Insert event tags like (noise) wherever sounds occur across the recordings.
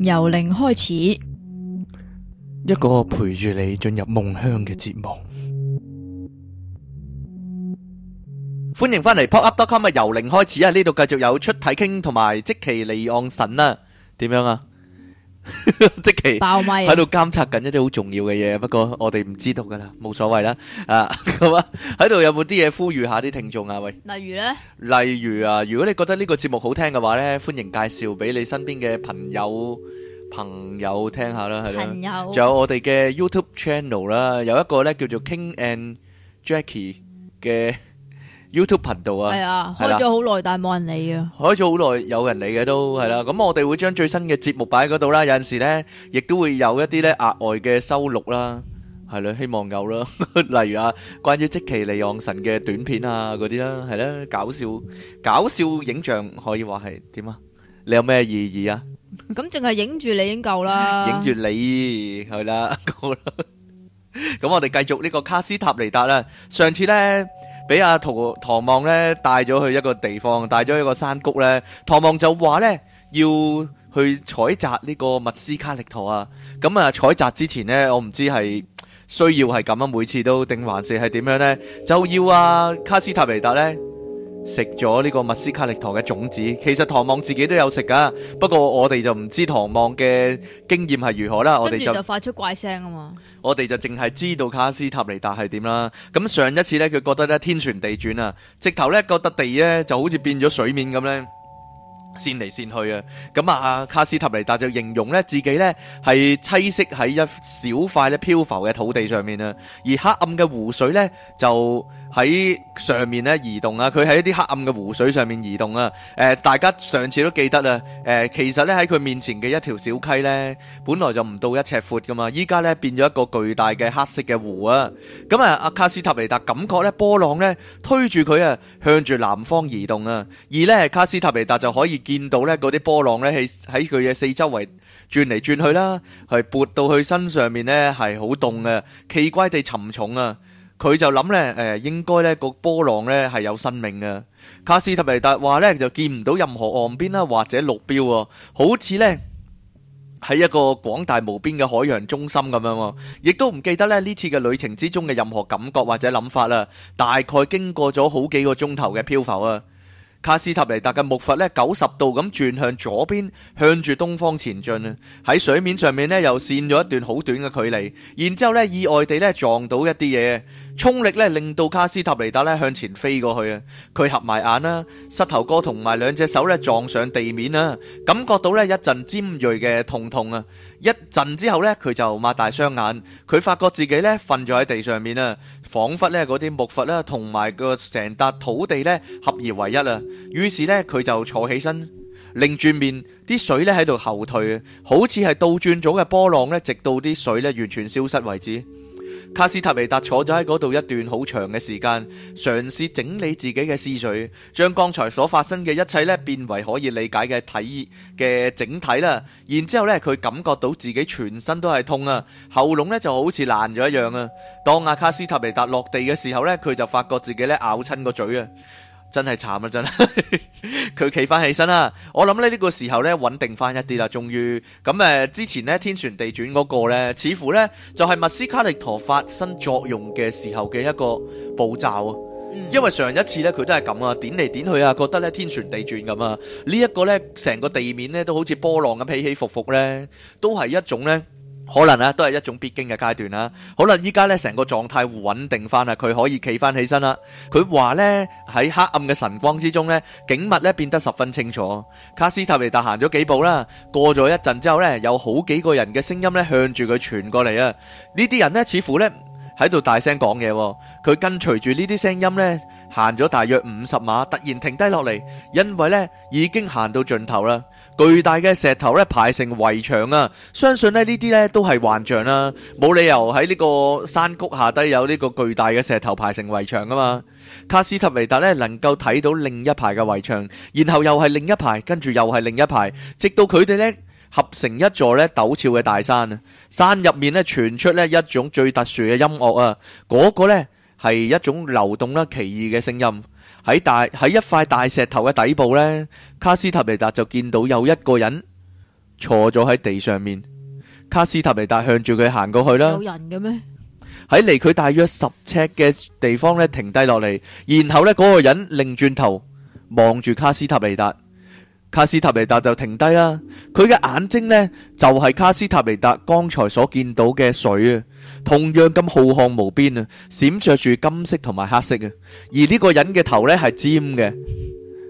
由零開始，一個陪住你進入夢鄉嘅節目。歡迎返嚟，PodUp.com 由零開始啊！呢度繼續有出體傾同埋即期離岸神啊，點樣啊？即其爆咪，喺度監察緊一啲好重要嘅嘢，不過我哋唔知道噶啦，冇所謂啦，啊，咁啊，喺度有冇啲嘢呼籲下啲聽眾啊？喂，例如咧，例如啊，如果你覺得呢個節目好聽嘅話咧，歡迎介紹俾你身邊嘅朋友朋友聽下啦，係啦，仲有我哋嘅 YouTube channel 啦，有一個咧叫做 King and Jackie 嘅。YouTube 頻道啊，係啊，開咗好耐，但係冇人理嘅。開咗好耐，有人理嘅都係啦。咁我哋會將最新嘅節目擺喺嗰度啦。有陣時咧，亦都會有一啲咧額外嘅收錄啦，係啦。希望有啦。例如啊，關於即其利昂神嘅短片啊，嗰啲啦，係啦，搞笑搞笑影像，可以話係點啊？你有咩意義啊？咁淨係影住你已經夠啦，影住你係啦，夠啦。咁我哋繼續呢個卡斯塔尼達啦。上次咧。俾阿唐唐望咧帶咗去一個地方，帶咗去個山谷咧。唐望就話咧，要去採摘呢個密斯卡力圖啊。咁啊，採摘之前咧，我唔知係需要係咁啊，每次都定還是係點樣咧？就要啊，卡斯塔尼達咧。食咗呢個密斯卡力陀嘅種子，其實唐望自己都有食噶，不過我哋就唔知唐望嘅經驗係如何啦。跟着 我哋就發出怪聲啊嘛！我哋就淨係知道卡斯塔尼達係點啦。咁上一次呢，佢覺得咧天旋地轉啊，直頭呢覺得地呢就好似變咗水面咁呢，先嚟，先去啊。咁啊，卡斯塔尼達就形容呢自己呢係棲息喺一小塊咧漂浮嘅土地上面啊，而黑暗嘅湖水呢就。喺上面咧移動啊，佢喺啲黑暗嘅湖水上面移動啊。誒、呃，大家上次都記得啊。誒、呃，其實咧喺佢面前嘅一條小溪咧，本來就唔到一尺闊噶嘛，依家咧變咗一個巨大嘅黑色嘅湖啊。咁啊，阿卡斯塔尼達感覺咧波浪咧推住佢啊，向住南方移動啊。而呢，卡斯塔尼達就可以見到咧嗰啲波浪咧喺喺佢嘅四周圍轉嚟轉去啦，係撥到佢身上面咧係好凍啊，奇怪地沉重啊。佢就諗咧，誒，應該咧個波浪咧係有生命嘅。卡斯特尼達話咧就見唔到任何岸邊啦，或者路標，好似咧喺一個廣大無邊嘅海洋中心咁樣，亦都唔記得咧呢次嘅旅程之中嘅任何感覺或者諗法啦。大概經過咗好幾個鐘頭嘅漂浮啊。卡斯塔尼達嘅木筏咧九十度咁轉向左邊，向住東方前進啊！喺水面上面咧又扇咗一段好短嘅距離，然之後咧意外地咧撞到一啲嘢，衝力咧令到卡斯塔尼達咧向前飛過去啊！佢合埋眼啦，膝頭哥同埋兩隻手咧撞上地面啦，感覺到咧一陣尖銳嘅痛痛啊！一陣之後咧佢就擘大雙眼，佢發覺自己咧瞓咗喺地上面啦。仿佛咧嗰啲木佛咧，同埋個成笪土地咧，合而為一啊。於是咧，佢就坐起身，擰轉面，啲水咧喺度後退，好似係倒轉咗嘅波浪咧，直到啲水咧完全消失為止。卡斯塔維達坐咗喺嗰度一段好長嘅時間，嘗試整理自己嘅思緒，將剛才所發生嘅一切咧變為可以理解嘅體嘅整體啦。然之後咧，佢感覺到自己全身都係痛啊，喉嚨咧就好似爛咗一樣啊。當阿卡斯塔維達落地嘅時候咧，佢就發覺自己咧咬親個嘴啊。真係慘啦，真係，佢企翻起身啦。我諗呢呢個時候呢，穩定翻一啲啦，終於。咁誒，之前呢，天旋地轉嗰個呢，似乎呢，就係、是、密斯卡力陀發生作用嘅時候嘅一個步驟啊。嗯、因為上一次呢，佢都係咁啊，點嚟點去啊，覺得呢，天旋地轉咁啊。呢、這、一個呢，成個地面呢，都好似波浪咁起起伏伏呢，都係一種呢。可能咧、啊、都係一種必經嘅階段啦、啊。好啦，依家咧成個狀態穩定翻啦，佢可以企翻起身啦。佢話咧喺黑暗嘅晨光之中咧，景物咧變得十分清楚。卡斯塔尼達行咗幾步啦，過咗一陣之後咧，有好幾個人嘅聲音咧向住佢傳過嚟啊！呢啲人咧似乎咧喺度大聲講嘢。佢跟隨住呢啲聲音咧。行咗大約五十碼，突然停低落嚟，因為咧已經行到盡頭啦。巨大嘅石頭咧排成圍牆啊！相信咧呢啲咧都係幻象啦、啊，冇理由喺呢個山谷下低有呢個巨大嘅石頭排成圍牆噶嘛。卡斯特維達咧能夠睇到另一排嘅圍牆，然後又係另一排，跟住又係另一排，直到佢哋咧合成一座咧陡峭嘅大山啊！山入面咧傳出咧一種最特殊嘅音樂啊！嗰個呢。係一種流動啦、奇異嘅聲音，喺大喺一塊大石頭嘅底部呢，卡斯塔尼達就見到有一個人坐咗喺地上面，卡斯塔尼達向住佢行過去啦。有人嘅咩？喺離佢大約十尺嘅地方呢，停低落嚟，然後呢，嗰個人擰轉頭望住卡斯塔尼達。卡斯塔尼達就停低啦，佢嘅眼睛呢，就係卡斯塔尼達剛才所見到嘅水啊，同樣咁浩瀚無邊啊，閃爍住金色同埋黑色啊，而呢個人嘅頭呢，係尖嘅，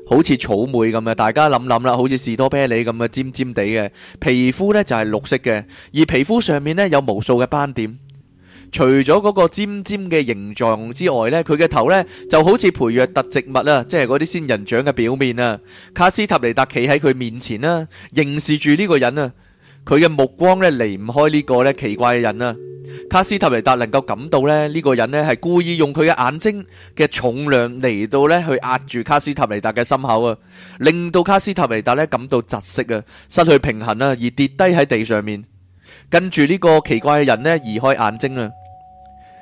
好似草莓咁啊。大家諗諗啦，好似士多啤梨咁啊，尖尖地嘅，皮膚呢，就係綠色嘅，而皮膚上面呢，有無數嘅斑點。除咗嗰個尖尖嘅形狀之外呢，佢嘅頭呢就好似培約特植物啊，即係嗰啲仙人掌嘅表面啊。卡斯塔尼達企喺佢面前啦，凝視住呢個人啊，佢嘅目光呢，離唔開呢個咧奇怪嘅人啊。卡斯塔尼達能夠感到咧呢個人呢，係故意用佢嘅眼睛嘅重量嚟到呢去壓住卡斯塔尼達嘅心口啊，令到卡斯塔尼達呢感到窒息啊，失去平衡啊，而跌低喺地上面。跟住呢個奇怪嘅人呢，移開眼睛啊。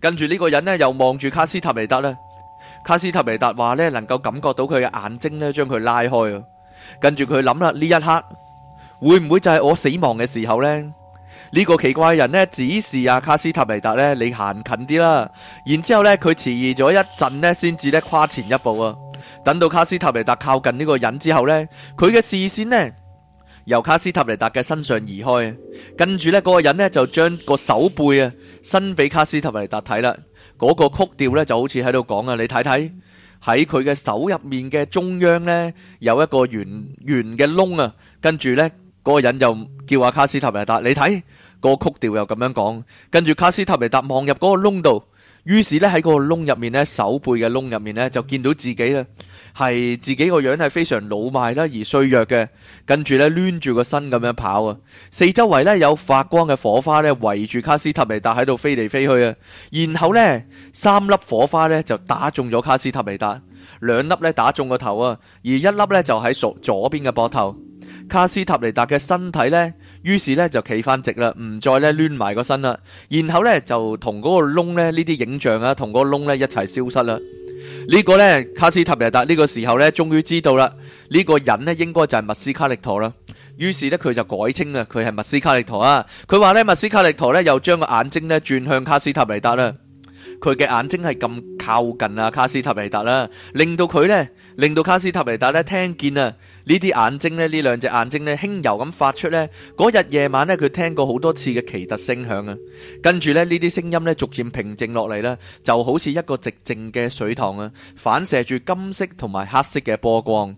跟住呢個人呢，又望住卡斯塔維達呢，卡斯塔維達話呢，能夠感覺到佢嘅眼睛咧，將佢拉開。跟住佢諗啦，呢一刻會唔會就係我死亡嘅時候呢？呢、呢個奇怪人呢指示啊，卡斯塔維達咧，你行近啲啦。然之後咧，佢遲疑咗一陣咧，先至咧跨前一步啊。等到卡斯塔維達靠近呢個人之後呢，佢嘅視線呢。由卡斯塔尼達嘅身上移開，跟住呢嗰個人呢就將個手背啊伸俾卡斯塔尼達睇啦，嗰、嗰個曲調呢就好似喺度講啊，你睇睇喺佢嘅手入面嘅中央呢，有一個圓圓嘅窿啊，跟住呢，嗰個人就叫阿卡斯塔尼達，你睇、個曲調又咁樣講，跟住卡斯塔尼達望入嗰個窿度。於是咧，喺個窿入面咧，手背嘅窿入面咧就見到自己啦，係自己個樣係非常老邁啦，而衰弱嘅，跟住咧攣住個身咁樣跑啊，四周圍咧有發光嘅火花咧圍住卡斯塔尼達喺度飛嚟飛去啊，然後咧三粒火花咧就打中咗卡斯塔尼達，兩粒咧打中個頭啊，而一粒咧就喺屬左邊嘅膊頭，卡斯塔尼達嘅身體咧。於是咧就企翻直啦，唔再咧攣埋個身啦，然後咧就同嗰個窿咧呢啲影像啊，同個窿咧一齊消失啦。這個、呢個咧卡斯塔尼達呢個時候咧，終於知道啦，呢、這個人呢應該就係密斯卡力陀啦。於是咧佢就改稱啦，佢係密斯卡力陀啊。佢話咧密斯卡力陀咧又將個眼睛咧轉向卡斯塔尼達啦。佢嘅眼睛係咁靠近啊，卡斯塔尼達啦，令到佢呢，令到卡斯塔尼達呢，聽見啊呢啲眼睛呢，呢兩隻眼睛呢輕柔咁發出呢，嗰日夜晚呢，佢聽過好多次嘅奇特聲響啊，跟住呢，呢啲聲音呢，逐漸平靜落嚟啦，就好似一個寂靜嘅水塘啊，反射住金色同埋黑色嘅波光。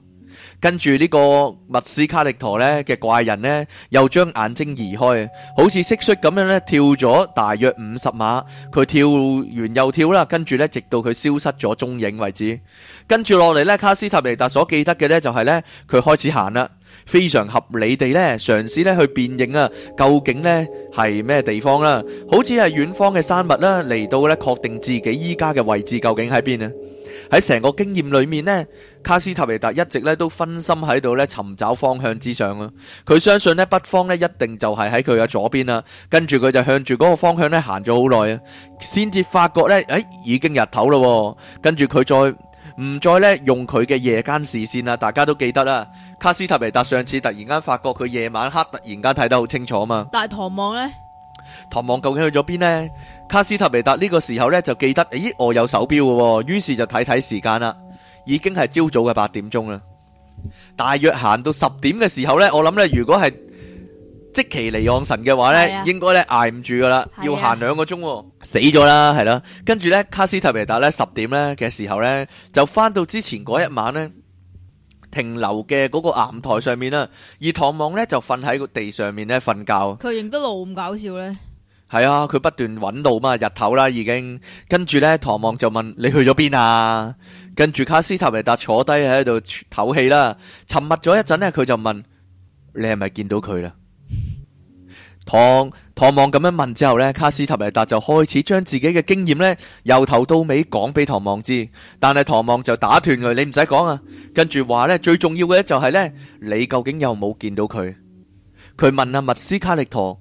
跟住呢個密斯卡力陀咧嘅怪人呢，又將眼睛移開，好似蟋蟀咁樣咧跳咗大約五十碼，佢跳完又跳啦，跟住咧直到佢消失咗蹤影為止。跟住落嚟咧，卡斯塔尼達所記得嘅咧就係咧，佢開始行啦，非常合理地咧嘗試咧去辨認啊，究竟呢係咩地方啦？好似係遠方嘅山脈啦，嚟到咧確定自己依家嘅位置究竟喺邊啊！喺成個經驗裏面呢，卡斯塔維達一直咧都分心喺度咧尋找方向之上咯。佢相信咧北方咧一定就係喺佢嘅左邊啦。跟住佢就向住嗰個方向咧行咗好耐啊，先至發覺咧，哎已經日頭咯。跟住佢再唔再咧用佢嘅夜間視線啦？大家都記得啦，卡斯塔維達上次突然間發覺佢夜晚黑突然間睇得好清楚啊嘛。但係唐望呢？唐望究竟去咗邊呢？卡斯塔維達呢個時候咧就記得，咦，我有手錶嘅，於是就睇睇時間啦，已經係朝早嘅八點鐘啦。大約行到十點嘅時候咧，我諗咧如果係即期離岸神嘅話咧，應該咧捱唔住㗎啦，要行兩個鐘，死咗啦，係啦。跟住咧，卡斯塔維達咧十點咧嘅時候咧，就返到之前嗰一晚咧停留嘅嗰個岩台上面啦，而唐望咧就瞓喺個地上面咧瞓覺。佢認得路咁搞笑咧？係啊，佢不斷揾路嘛，日頭啦已經，跟住呢，唐望就問，你去咗邊啊？跟住卡斯塔維達坐低喺度唞氣啦，沉默咗一陣呢，佢就問，你係咪見到佢啦？唐唐望咁樣問之後呢，卡斯塔維達就開始將自己嘅經驗呢由頭到尾講俾唐望知，但係唐望就打斷佢，你唔使講啊，跟住話呢，最重要嘅就係呢：「你究竟有冇見到佢？佢問阿、啊、密斯卡力陀。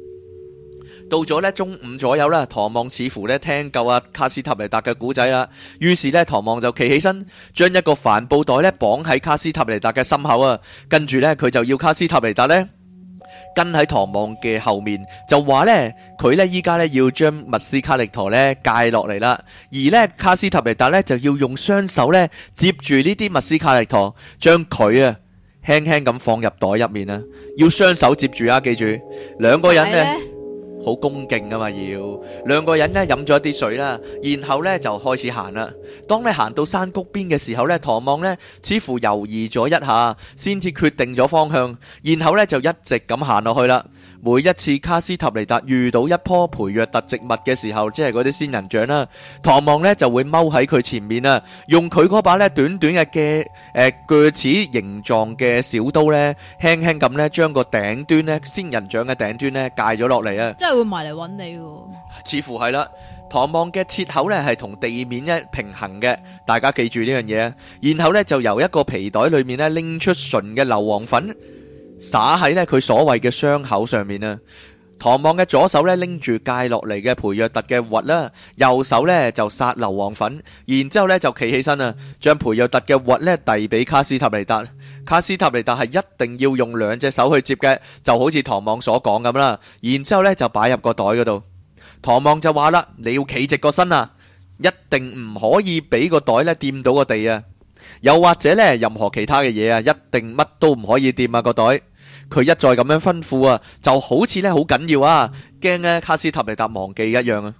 到咗咧中午左右啦，唐望似乎咧聽夠阿卡斯塔尼達嘅故仔啦，於是咧唐望就企起身，將一個帆布袋咧綁喺卡斯塔尼達嘅心口啊，跟住咧佢就要卡斯塔尼達咧跟喺唐望嘅後面，就話咧佢咧依家咧要將密斯卡力陀咧界落嚟啦，而咧卡斯塔尼達咧就要用雙手咧接住呢啲密斯卡力陀，將佢啊輕輕咁放入袋入面啊，要雙手接住啊，記住兩個人咧。好恭敬噶嘛，要兩個人咧飲咗一啲水啦，然後咧就開始行啦。當你行到山谷邊嘅時候咧，唐望咧似乎猶豫咗一下，先至決定咗方向，然後咧就一直咁行落去啦。每一次卡斯塔尼達遇到一棵培約特植物嘅時候，即係嗰啲仙人掌啦，唐望咧就會踎喺佢前面啊，用佢嗰把咧短短嘅嘅誒鋸齒形狀嘅小刀咧，輕輕咁咧將個頂端咧仙人掌嘅頂端咧界咗落嚟啊。會埋嚟揾你嘅，似乎係啦。唐望嘅切口咧係同地面咧平衡嘅，大家記住呢樣嘢。然後咧就由一個皮袋裏面咧拎出純嘅硫磺粉，撒喺咧佢所謂嘅傷口上面啦。唐望嘅左手咧拎住戒落嚟嘅培若特嘅核啦，右手咧就撒硫磺粉，然之後咧就企起身啊，將培若特嘅核咧遞俾卡斯塔尼達，卡斯塔尼達係一定要用兩隻手去接嘅，就好似唐望所講咁啦。然之後咧就擺入個袋嗰度，唐望就話啦，你要企直個身啊，一定唔可以俾個袋咧掂到個地啊，又或者咧任何其他嘅嘢啊，一定乜都唔可以掂啊個袋。佢一再咁樣吩咐啊，就好似呢好緊要啊，驚呢卡斯塔尼達忘記一樣啊。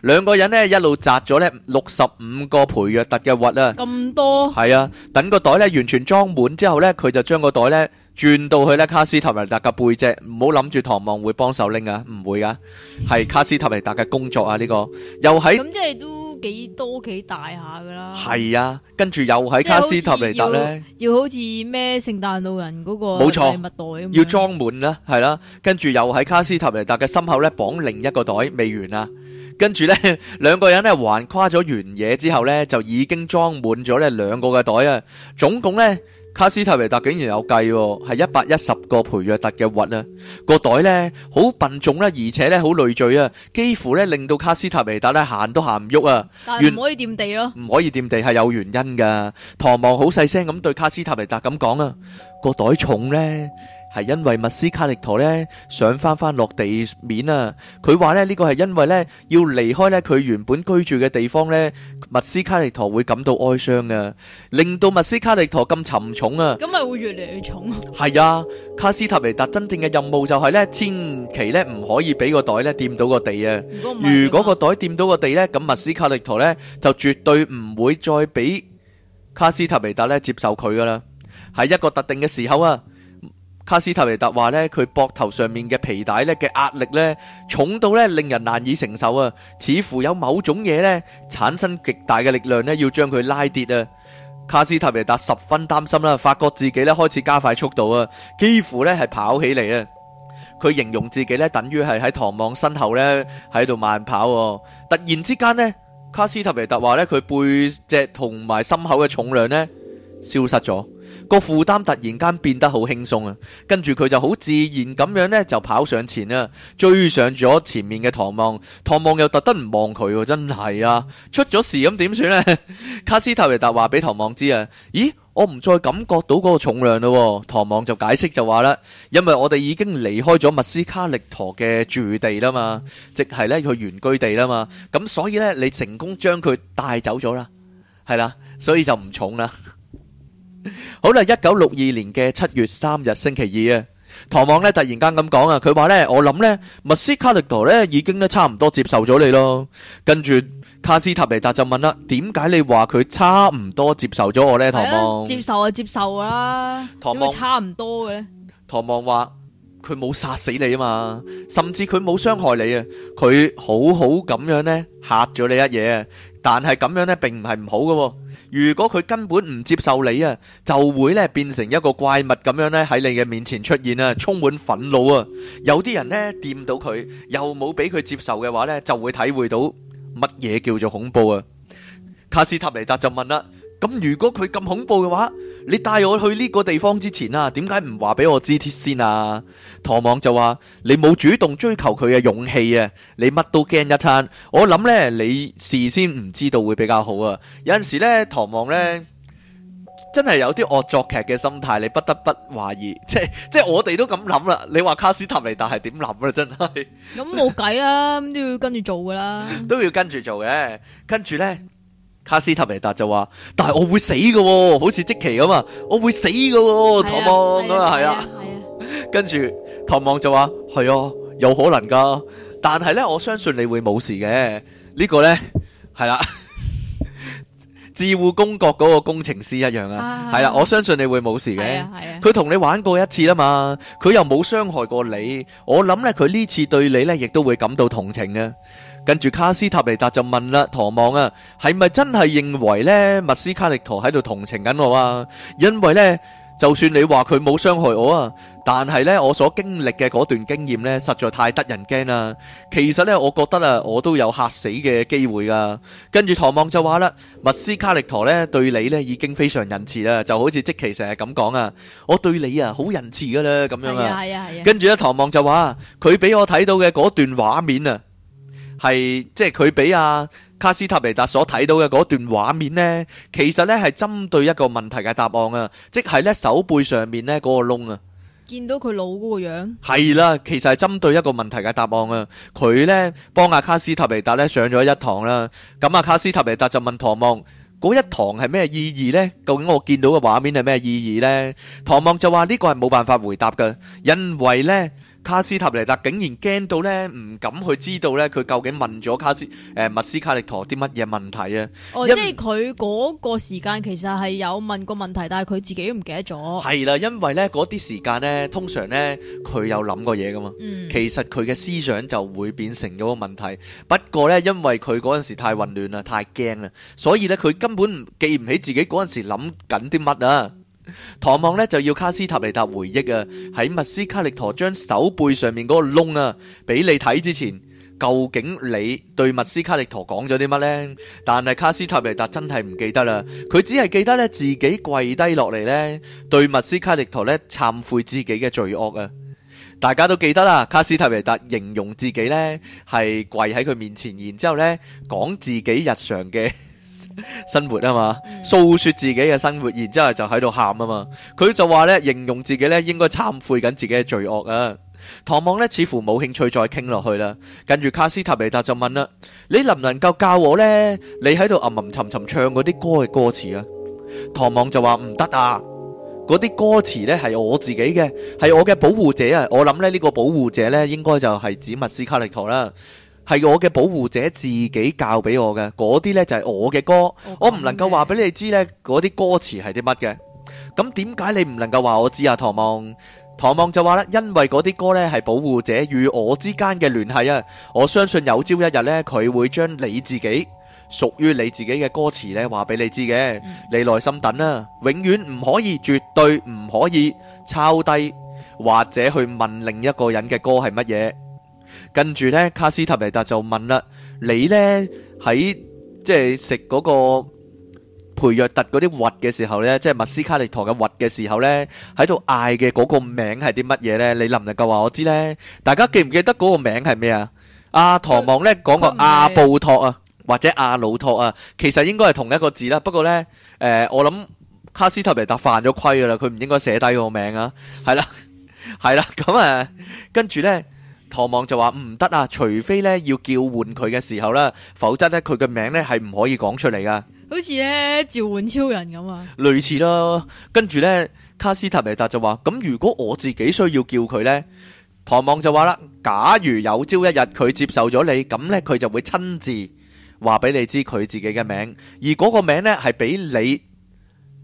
兩個人呢一路摘咗呢六十五個培約特嘅核啊，咁多？係啊。等個袋呢完全裝滿之後呢，佢就將個袋呢轉到去呢卡斯塔尼達嘅背脊，唔好諗住唐望會幫手拎啊，唔會噶，係卡斯塔尼達嘅工作啊。呢、這個又喺咁即係幾多幾大下噶啦？係啊，跟住又喺卡斯塔尼達呢要，要好似咩聖誕老人嗰個禮物袋冇錯，要裝滿啦，係啦、啊，跟住又喺卡斯塔尼達嘅心口呢，綁另一個袋，未完啊！跟住呢，兩個人呢橫跨咗完嘢之後呢，就已經裝滿咗呢兩個嘅袋啊，總共呢。卡斯塔維達竟然有計喎、哦，係一百一十個培約特嘅核啊！個袋呢，好笨重啦、啊，而且呢，好累贅啊，幾乎呢，令到卡斯塔維達呢，行都行唔喐啊！但係唔可以掂地咯，唔可以掂地係有原因噶。唐望好細聲咁對卡斯塔維達咁講啊，個袋重呢。」係因為密斯卡利托咧想翻翻落地面啊！佢話咧，呢個係因為咧要離開咧佢原本居住嘅地方咧，密斯卡利托會感到哀傷啊，令到密斯卡利托咁沉重啊！咁咪會越嚟越重。係啊，卡斯塔尼達真正嘅任務就係咧，千祈咧唔可以俾個袋咧掂到個地啊！如果個袋掂到個地咧，咁密斯卡利托咧就絕對唔會再俾卡斯塔尼達咧接受佢噶啦。喺一個特定嘅時候啊！卡斯泰維達話咧，佢膊頭上面嘅皮帶咧嘅壓力咧重到咧令人難以承受啊！似乎有某種嘢咧產生極大嘅力量咧，要將佢拉跌啊！卡斯泰維達十分擔心啦，發覺自己咧開始加快速度啊，幾乎咧係跑起嚟啊！佢形容自己咧等於係喺唐望身後咧喺度慢跑。突然之間呢，卡斯泰維達話咧，佢背脊同埋心口嘅重量咧，消失咗，個負擔突然間變得好輕鬆啊！跟住佢就好自然咁樣呢，就跑上前啦，追上咗前面嘅唐望。唐望又特登唔望佢，真係啊！出咗事咁點算咧？卡斯泰利達話俾唐望知啊！咦，我唔再感覺到嗰個重量咯。唐望就解釋就話啦，因為我哋已經離開咗密斯卡力陀嘅住地啦嘛，即係呢，佢原居地啦嘛，咁所以呢，你成功將佢帶走咗啦，係啦，所以就唔重啦。好啦，一九六二年嘅七月三日星期二啊，唐望咧，突然間咁講啊，佢話咧，我諗咧，密斯卡迪多咧已經咧差唔多接受咗你咯，跟住卡斯塔尼達就問啦，點解你話佢差唔多接受咗我咧？唐望接受啊，接受啦。唐望我差唔多嘅咧。唐望話佢冇殺死你啊嘛，甚至佢冇傷害你啊，佢好好咁樣咧嚇咗你一嘢。但係咁樣咧，並唔係唔好㗎。如果佢根本唔接受你啊，就會咧變成一個怪物咁樣咧喺你嘅面前出現啊，充滿憤怒啊。有啲人呢掂到佢，又冇俾佢接受嘅話呢，就會體會到乜嘢叫做恐怖啊。卡斯塔尼達就問啦：咁如果佢咁恐怖嘅話？你帶我去呢個地方之前啊，點解唔話俾我知先啊？唐望就話，你冇主動追求佢嘅勇氣啊，你乜都驚一餐。我諗呢，你事先唔知道會比較好啊。有陣時咧，唐望呢，網呢嗯、真係有啲惡作劇嘅心態，你不得不懷疑。即係即係我哋都咁諗啦。你話卡斯塔尼達係點諗啊？真係咁冇計啦，都要跟住做噶啦，都要跟住做嘅。跟住呢。嗯卡斯塔尼達就話，但係我會死噶，好似積奇咁啊，我會死噶，唐望咁啊，係啊。跟住唐望就話，係啊，有可能噶，但係咧，我相信你會冇事嘅。呢個咧係啦，自護公國嗰個工程師一樣啊，係啦，我相信你會冇事嘅。係啊，佢同你玩過一次啊嘛，佢又冇傷害過你，我諗咧佢呢次對你咧，亦都會感到同情嘅。跟住卡斯塔尼達就問啦，唐望啊，係咪真係認為咧，密斯卡力陀喺度同情緊我啊？因為咧，就算你話佢冇傷害我啊，但係咧，我所經歷嘅嗰段經驗咧，實在太得人驚啦。其實咧，我覺得啊，我都有吓死嘅機會噶。跟住唐望就話啦，密斯卡力陀咧對你咧已經非常仁慈啦，就好似即其成日咁講啊，我對你啊好仁慈噶啦咁樣啊。係啊係啊係啊。跟住咧，唐望就話佢俾我睇到嘅嗰段畫面啊。係即係佢俾阿卡斯塔尼達所睇到嘅嗰段畫面呢，其實呢係針對一個問題嘅答案啊，即係呢，手背上面呢嗰個窿啊，見到佢老嗰個樣係啦，其實係針對一個問題嘅答案啊，佢呢，幫阿卡斯塔尼達呢上咗一堂啦，咁阿卡斯塔尼達就問唐望，嗰一堂係咩意義呢？究竟我見到嘅畫面係咩意義呢？」唐望就話呢個係冇辦法回答㗎，因為呢。卡斯塔尼達竟然驚到咧，唔敢去知道咧，佢究竟問咗卡斯誒、呃、麥斯卡利託啲乜嘢問題啊？哦，因為即係佢嗰個時間其實係有問過問題，但係佢自己都唔記得咗。係啦，因為咧嗰啲時間咧，通常咧佢有諗過嘢噶嘛。嗯，其實佢嘅思想就會變成咗個問題。不過咧，因為佢嗰陣時太混亂啦，太驚啦，所以咧佢根本記唔起自己嗰陣時諗緊啲乜啊！唐望咧就要卡斯塔尼達回憶啊，喺密斯卡利陀將手背上面嗰個窿啊俾你睇之前，究竟你對密斯卡利陀講咗啲乜呢？但係卡斯塔尼達真係唔記得啦，佢只係記得咧自己跪低落嚟，呢，對密斯卡利陀咧懺悔自己嘅罪惡啊！大家都記得啦，卡斯塔尼達形容自己呢係跪喺佢面前，然之後咧講自己日常嘅。 (laughs) 生活啊嘛，訴說自己嘅生活，然之後就喺度喊啊嘛，佢就話咧形容自己咧應該懺悔緊自己嘅罪惡啊。唐望咧似乎冇興趣再傾落去啦，跟住卡斯塔尼達就問啦：你能唔能夠教我呢？你喺度吟吟沉沉唱嗰啲歌嘅歌詞啊？唐望就話唔得啊，嗰啲歌詞呢係我自己嘅，係我嘅保護者啊。我諗咧呢、呢個保護者呢，應該就係指密斯卡力圖啦。係我嘅保護者自己教俾我嘅，嗰啲呢就係、是、我嘅歌，我唔能夠話俾你知呢，嗰啲歌詞係啲乜嘅。咁點解你唔能夠話我知啊？唐望，唐望就話啦，因為嗰啲歌呢係保護者與我之間嘅聯繫啊。我相信有朝一日呢，佢會將你自己屬於你自己嘅歌詞呢話俾你知嘅。嗯、你耐心等啦、啊，永遠唔可以，絕對唔可以抄低或者去問另一個人嘅歌係乜嘢。跟住呢，卡斯提尼達就問啦：你呢？喺即係食嗰個培若特嗰啲核嘅時候呢，即係密斯卡利陀嘅核嘅時候呢，喺度嗌嘅嗰個名係啲乜嘢呢？你能唔能夠話我知呢？大家記唔記得嗰個名係咩啊？阿唐望呢講個阿布托啊，或者阿魯托啊，其實應該係同一個字啦。不過呢，誒、呃，我諗卡斯提尼達犯咗規噶啦，佢唔應該寫低個名啊。係啦、啊，係啦，咁誒，跟住呢。」唐望就話唔得啊，除非咧要叫喚佢嘅時候啦，否則咧佢嘅名咧係唔可以講出嚟噶，好似咧召喚超人咁啊，類似咯。跟住咧，卡斯塔尼達就話：「咁如果我自己需要叫佢呢？」唐望就話啦，假如有朝一日佢接受咗你，咁呢，佢就會親自話俾你知佢自己嘅名，而嗰個名呢，係俾你。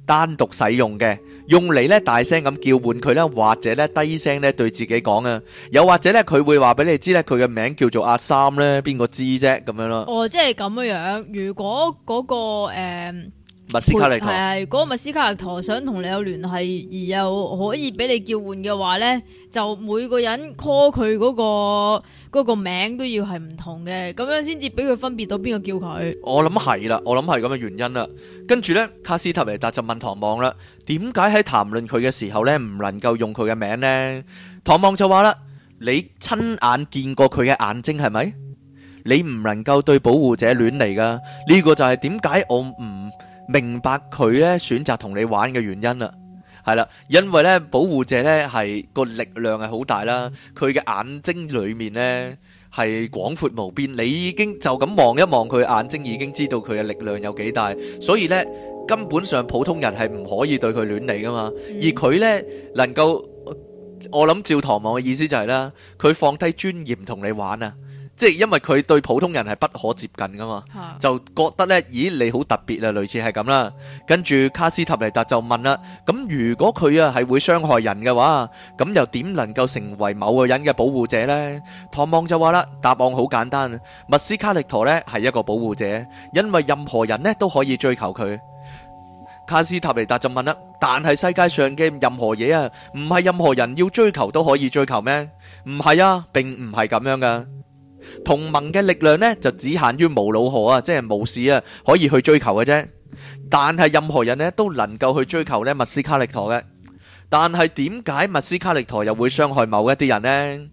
單獨使用嘅，用嚟咧大聲咁叫喚佢啦，或者咧低聲咧對自己講啊，又或者咧佢會話俾你知咧佢嘅名叫做阿三咧，邊個知啫咁樣咯？哦，即係咁樣樣，如果嗰、嗰個誒。呃如果，嗰個墨斯卡利陀想同你有聯繫，而又可以俾你叫喚嘅話咧，就每個人 call 佢嗰個嗰個名都要係唔同嘅，咁樣先至俾佢分別到邊個叫佢。我諗係啦，我諗係咁嘅原因啦。跟住咧，卡斯塔尼達就問唐望啦：點解喺談論佢嘅時候咧，唔能夠用佢嘅名咧？唐望就話啦：你親眼見過佢嘅眼睛係咪？你唔能夠對保護者亂嚟噶。呢個就係點解我唔。明白佢咧選擇同你玩嘅原因啦，係啦，因為咧保護者咧係個力量係好大啦，佢嘅眼睛裏面咧係廣闊無邊，你已經就咁望一望佢眼睛已經知道佢嘅力量有幾大，所以咧根本上普通人係唔可以對佢亂嚟噶嘛，而佢咧能夠，我諗照唐望嘅意思就係啦，佢放低尊嚴同你玩啊。即係因為佢對普通人係不可接近噶嘛，就覺得呢，咦，你好特別啊，類似係咁啦。跟住卡斯塔尼達就問啦，咁如果佢啊係會傷害人嘅話，咁又點能夠成為某個人嘅保護者呢？唐望就話啦，答案好簡單，密斯卡力陀呢係一個保護者，因為任何人呢都可以追求佢。卡斯塔尼達就問啦，但係世界上嘅任何嘢啊，唔係任何人要追求都可以追求咩？唔係啊，並唔係咁樣噶。同盟嘅力量呢，就只限於無老何啊，即係巫士啊，可以去追求嘅啫。但係任何人呢都能夠去追求呢，密斯卡力陀嘅。但係點解密斯卡力陀又會傷害某一啲人呢？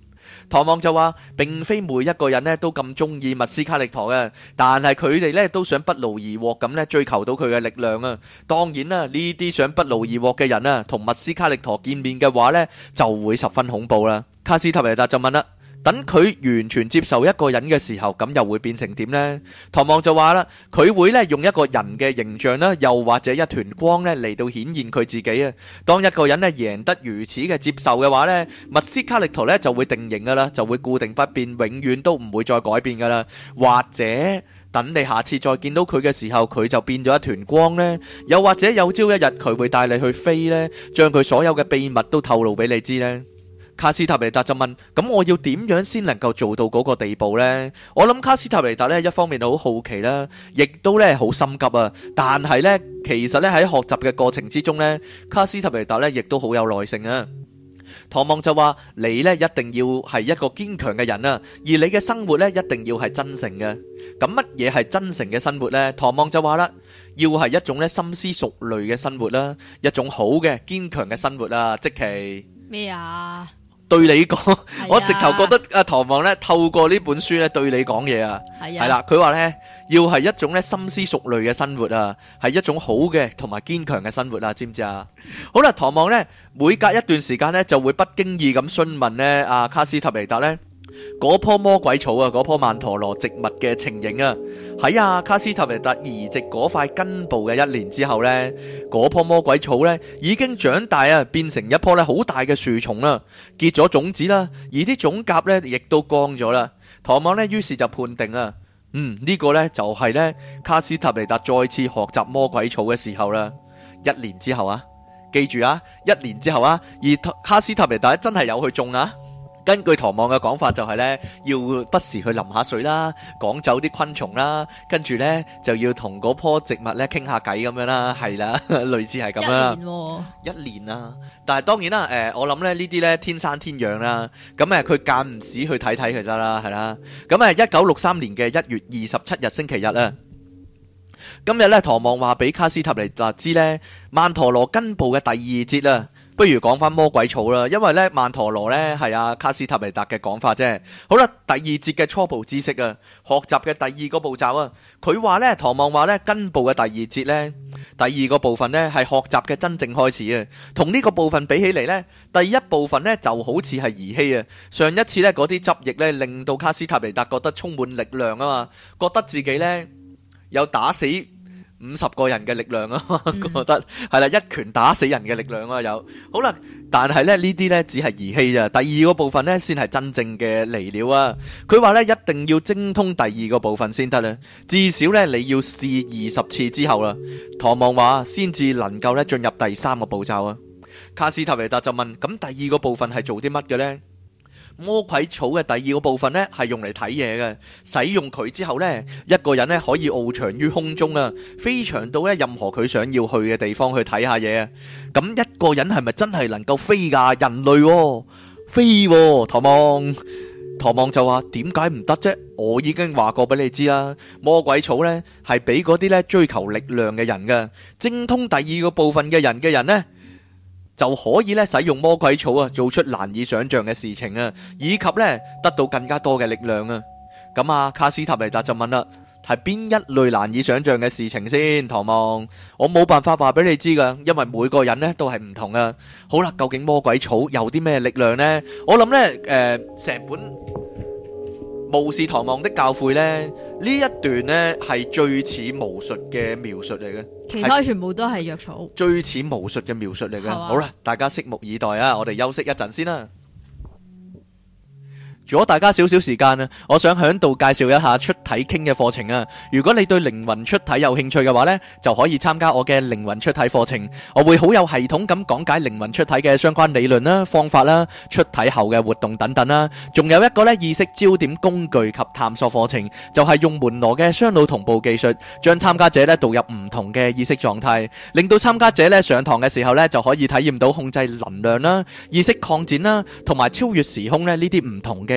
唐望就話，並非每一個人呢都咁中意密斯卡力陀嘅，但係佢哋呢都想不勞而獲咁呢追求到佢嘅力量啊。當然啦，呢啲想不勞而獲嘅人啊，同密斯卡力陀見面嘅話呢，就會十分恐怖啦。卡斯特尼達就問啦。等佢完全接受一個人嘅時候，咁又會變成點呢？唐望就話啦，佢會咧用一個人嘅形象啦，又或者一團光咧嚟到顯現佢自己啊。當一個人咧贏得如此嘅接受嘅話，呢密斯卡力圖咧就會定型噶啦，就會固定不變，永遠都唔會再改變噶啦。或者等你下次再見到佢嘅時候，佢就變咗一團光呢？又或者有朝一日佢會帶你去飛呢，將佢所有嘅秘密都透露俾你知呢。卡斯塔維達就問：咁我要點樣先能夠做到嗰個地步咧？我諗卡斯塔維達咧一方面好好奇啦，亦都咧好心急啊。但係咧，其實咧喺學習嘅過程之中咧，卡斯塔維達咧亦都好有耐性啊。唐望就話：你咧一定要係一個堅強嘅人啊，而你嘅生活咧一定要係真誠嘅。咁乜嘢係真誠嘅生活咧？唐望就話啦：要係一種咧深思熟慮嘅生活啦，一種好嘅堅強嘅生活啦，即其咩啊？對你講，我直頭覺得阿唐望咧透過呢本書咧對你講嘢啊，係啦，佢話咧要係一種咧深思熟慮嘅生活啊，係一種好嘅同埋堅強嘅生活啊，知唔知啊？好啦，唐望咧每隔一段時間咧就會不經意咁詢問咧阿卡斯塔尼達咧。嗰棵魔鬼草啊，嗰棵曼陀羅植物嘅情形啊，喺啊，卡斯塔尼達移植嗰塊根部嘅一年之後呢，嗰棵魔鬼草呢已經長大啊，變成一棵咧好大嘅樹叢啦，結咗種子啦，而啲種莢呢亦都乾咗啦。唐望呢，於是就判定啊，嗯呢、呢個呢，就係呢卡斯塔尼達再次學習魔鬼草嘅時候啦。一年之後啊，記住啊，一年之後啊，而卡斯塔尼達真係有去種啊。根據唐望嘅講法，就係、是、呢：要不時去淋下水啦，趕走啲昆蟲啦，跟住呢就要同嗰棵植物咧傾下偈咁樣啦，係啦，類似係咁樣啦。一年喎，一年啦。但係當然啦、啊，誒、呃，我諗咧呢啲呢天生天養啦、啊，咁誒佢間唔時去睇睇佢得啦，係啦。咁誒，一九六三年嘅一月二十七日星期日啦、啊。今日呢，唐望話俾卡斯塔尼達知呢曼陀羅根部嘅第二節啦、啊。不如講翻魔鬼草啦，因為咧曼陀羅咧係阿卡斯塔尼達嘅講法啫。好啦，第二節嘅初步知識啊，學習嘅第二個步驟啊。佢話咧，唐望話咧根部嘅第二節咧，第二個部分咧係學習嘅真正開始啊。同呢個部分比起嚟咧，第一部分咧就好似係兒戲啊。上一次咧嗰啲汁液咧，令到卡斯塔尼達覺得充滿力量啊嘛，覺得自己咧有打死五十個人嘅力量啊，覺得係啦，一拳打死人嘅力量啊有，好啦，但係咧呢啲咧只係儀器咋，第二個部分咧先係真正嘅離了啊，佢話咧一定要精通第二個部分先得咧，至少咧你要試二十次之後啦，唐望話先至能夠咧進入第三個步驟啊，卡斯特維達就問，咁第二個部分係做啲乜嘅咧？魔鬼草嘅第二個部分咧，係用嚟睇嘢。嘅。使用佢之後咧，一個人咧可以翱翔於空中啊，飛翔到咧任何佢想要去嘅地方去睇下嘢啊。咁一個人係咪真係能夠飛噶？人類，飛，唐望，唐望就話：點解唔得啫？我已經話過俾你知啦，魔鬼草咧係俾嗰啲咧追求力量嘅人噶，精通第二個部分嘅人嘅人咧，就可以咧使用魔鬼草啊，做出難以想象嘅事情啊，以及咧得到更加多嘅力量啊。咁啊，卡斯塔尼達就問啦，係邊一類難以想象嘅事情先？唐望，我冇辦法話俾你知噶，因為每個人咧都係唔同啊。好啦，究竟魔鬼草有啲咩力量呢？我諗呢誒，成、呃、本。巫士唐望的教誨咧，呢一段呢係最似巫術嘅描述嚟嘅，其他全部都係藥草。最似巫術嘅描述嚟嘅，好啦吧，Alright, 大家拭目以待啊！我哋休息一陣先啦。如果大家少少時間啊，我想喺度介紹一下出體傾嘅課程啊。如果你對靈魂出體有興趣嘅話咧，就可以參加我嘅靈魂出體課程。我會好有系統咁講解靈魂出體嘅相關理論啦、方法啦、出體後嘅活動等等啦。仲有一個咧意識焦點工具及探索課程，就係用門羅嘅雙腦同步技術，將參加者咧導入唔同嘅意識狀態，令到參加者咧上堂嘅時候咧就可以體驗到控制能量啦、意識擴展啦，同埋超越時空咧呢啲唔同嘅。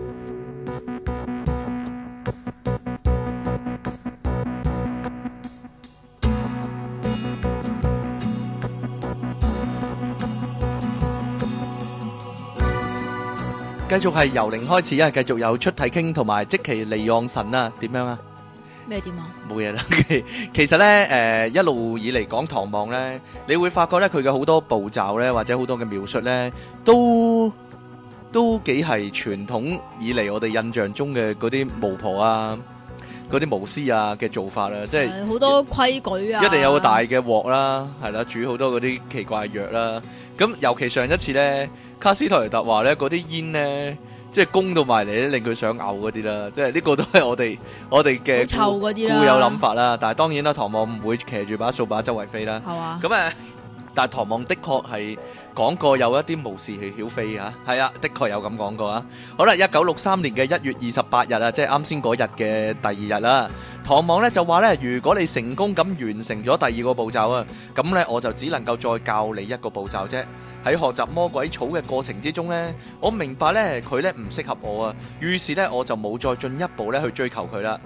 繼續係由零開始，因為繼續有出體傾同埋即其利用神啊，點樣啊？咩點啊？冇嘢啦。其實咧，誒一路以嚟講唐望咧，你會發覺咧佢嘅好多步驟咧，或者好多嘅描述咧，都都幾係傳統以嚟我哋印象中嘅嗰啲巫婆啊。嗰啲巫師啊嘅做法啦、啊，即係好多規矩啊，一定有一個大嘅鑊啦，係啦，煮好多嗰啲奇怪藥啦。咁尤其上一次咧，卡斯泰特話咧嗰啲煙咧，即係攻到埋嚟咧，令佢想嘔嗰啲啦。即係呢個都係我哋我哋嘅，臭啲啦，會古有諗法啦。嗯、但係當然啦，唐望唔會騎住把掃把周圍飛啦。係嘛、啊？咁誒。Uh, 但係唐望的確係講過有一啲無事去曉飛啊，係啊，的確有咁講過啊。好啦，一九六三年嘅一月二十八日啊，即係啱先嗰日嘅第二日啦。唐望呢就話呢：「如果你成功咁完成咗第二個步驟啊，咁呢我就只能夠再教你一個步驟啫。喺學習魔鬼草嘅過程之中呢，我明白呢，佢呢唔適合我啊，於是呢我就冇再進一步呢去追求佢啦。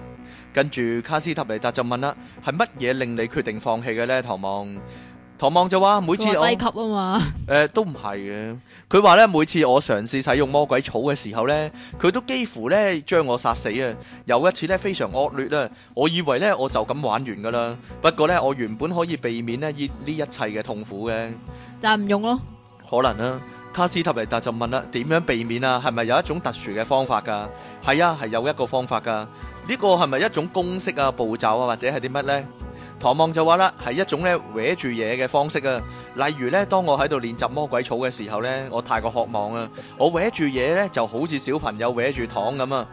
跟住卡斯塔尼達就問啦，係乜嘢令你決定放棄嘅呢？」唐望？唐望就話每次我低級啊嘛、 (laughs) 欸，誒都唔係嘅。佢話咧，每次我嘗試使用魔鬼草嘅時候咧，佢都幾乎咧將我殺死啊。有一次咧非常惡劣啊，我以為咧我就咁玩完噶啦。不過咧我原本可以避免咧呢一,一切嘅痛苦嘅，就唔用咯。可能啦、啊，卡斯塔尼達就問啦、啊，點樣避免啊？係咪有一種特殊嘅方法噶？係啊，係有一個方法噶。呢個係咪一種公式啊、步驟啊，或者係啲乜咧？唐望就話啦，係一種咧搲住嘢嘅方式啊。例如咧，當我喺度練習魔鬼草嘅時候咧，我太過渴望啊，我搲住嘢咧就好似小朋友搲住糖咁啊。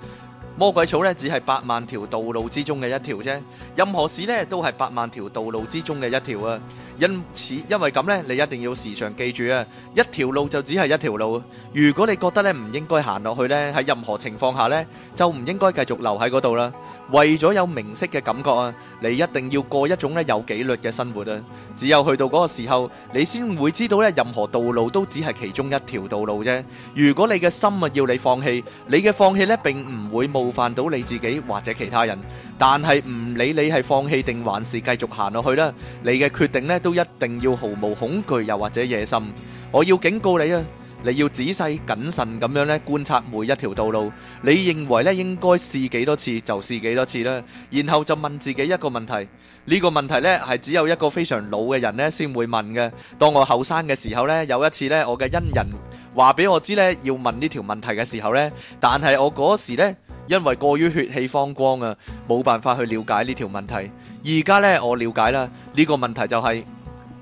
魔鬼草咧只係八萬條道路之中嘅一條啫，任何事咧都係八萬條道路之中嘅一條啊。因此，因為咁呢，你一定要時常記住啊！一條路就只係一條路。如果你覺得咧唔應該行落去呢，喺任何情況下呢，就唔應該繼續留喺嗰度啦。為咗有明晰嘅感覺啊，你一定要過一種咧有紀律嘅生活啊。只有去到嗰個時候，你先會知道咧，任何道路都只係其中一條道路啫。如果你嘅心啊要你放棄，你嘅放棄呢並唔會冒犯到你自己或者其他人。但係唔理你係放棄定還是繼續行落去啦，你嘅決定呢，都一定要毫無恐懼，又或者野心。我要警告你啊，你要仔細謹慎咁樣咧，觀察每一條道路。你認為咧應該試幾多次就試幾多次啦。然後就問自己一個問題，呢個問題咧係只有一個非常老嘅人咧先會問嘅。當我後生嘅時候咧，有一次咧，我嘅恩人話俾我知咧要問呢條問題嘅時候咧，但係我嗰時咧。因為過於血氣方剛啊，冇辦法去了解呢條問題。而家呢，我了解啦，呢、呢個問題就係，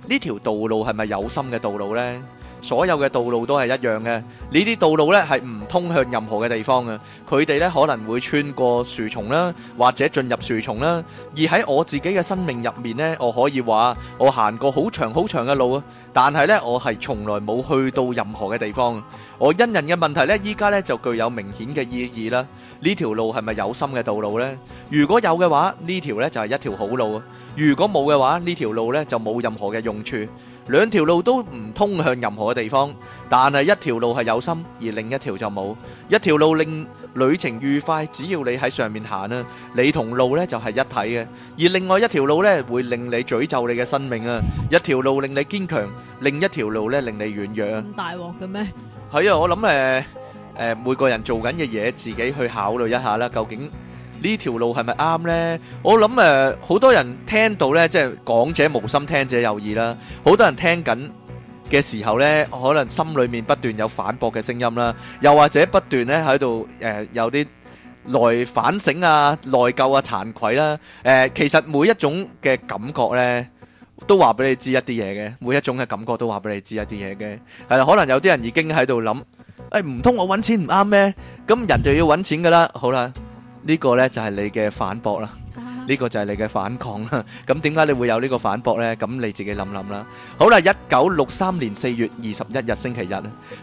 呢條道路係咪有心嘅道路呢？所有嘅道路都係一樣嘅，呢啲道路呢係唔通向任何嘅地方嘅。佢哋呢可能會穿過樹叢啦，或者進入樹叢啦。而喺我自己嘅生命入面呢，我可以話我行過好長好長嘅路啊，但係呢我係從來冇去到任何嘅地方。我恩人嘅問題呢，依家呢就具有明顯嘅意義啦。呢條路係咪有心嘅道路呢？如果有嘅話，呢條呢就係一條好路；如果冇嘅話，呢條路呢就冇任何嘅用處。兩條路都唔通向任何嘅地方，但係一條路係有心，而另一條就冇。一條路令旅程愉快，只要你喺上面行啦，你同路呢就係、是、一體嘅；而另外一條路呢，會令你詛咒你嘅生命啊！一條路令你堅強，另一條路呢令你軟弱。咁大鑊嘅咩？係啊， (noise) 我諗誒誒，每個人做緊嘅嘢，自己去考慮一下啦，究竟。呢條路係咪啱呢？我諗誒，好多人聽到呢，即係講者無心，聽者有意啦。好多人聽緊嘅時候呢，可能心裏面不斷有反駁嘅聲音啦，又或者不斷呢喺度誒，有啲內反省啊、內疚啊、慚愧啦。誒，其實每一種嘅感覺呢，都話俾你知一啲嘢嘅。每一種嘅感覺都話俾你知一啲嘢嘅。係啦，可能有啲人已經喺度諗，誒唔通我揾錢唔啱咩？咁人就要揾錢㗎啦。好啦。呢個呢就係你嘅反駁啦，呢個就係你嘅反抗啦。咁點解你會有呢個反駁呢？咁你自己諗諗啦。好啦，一九六三年四月二十一日星期日，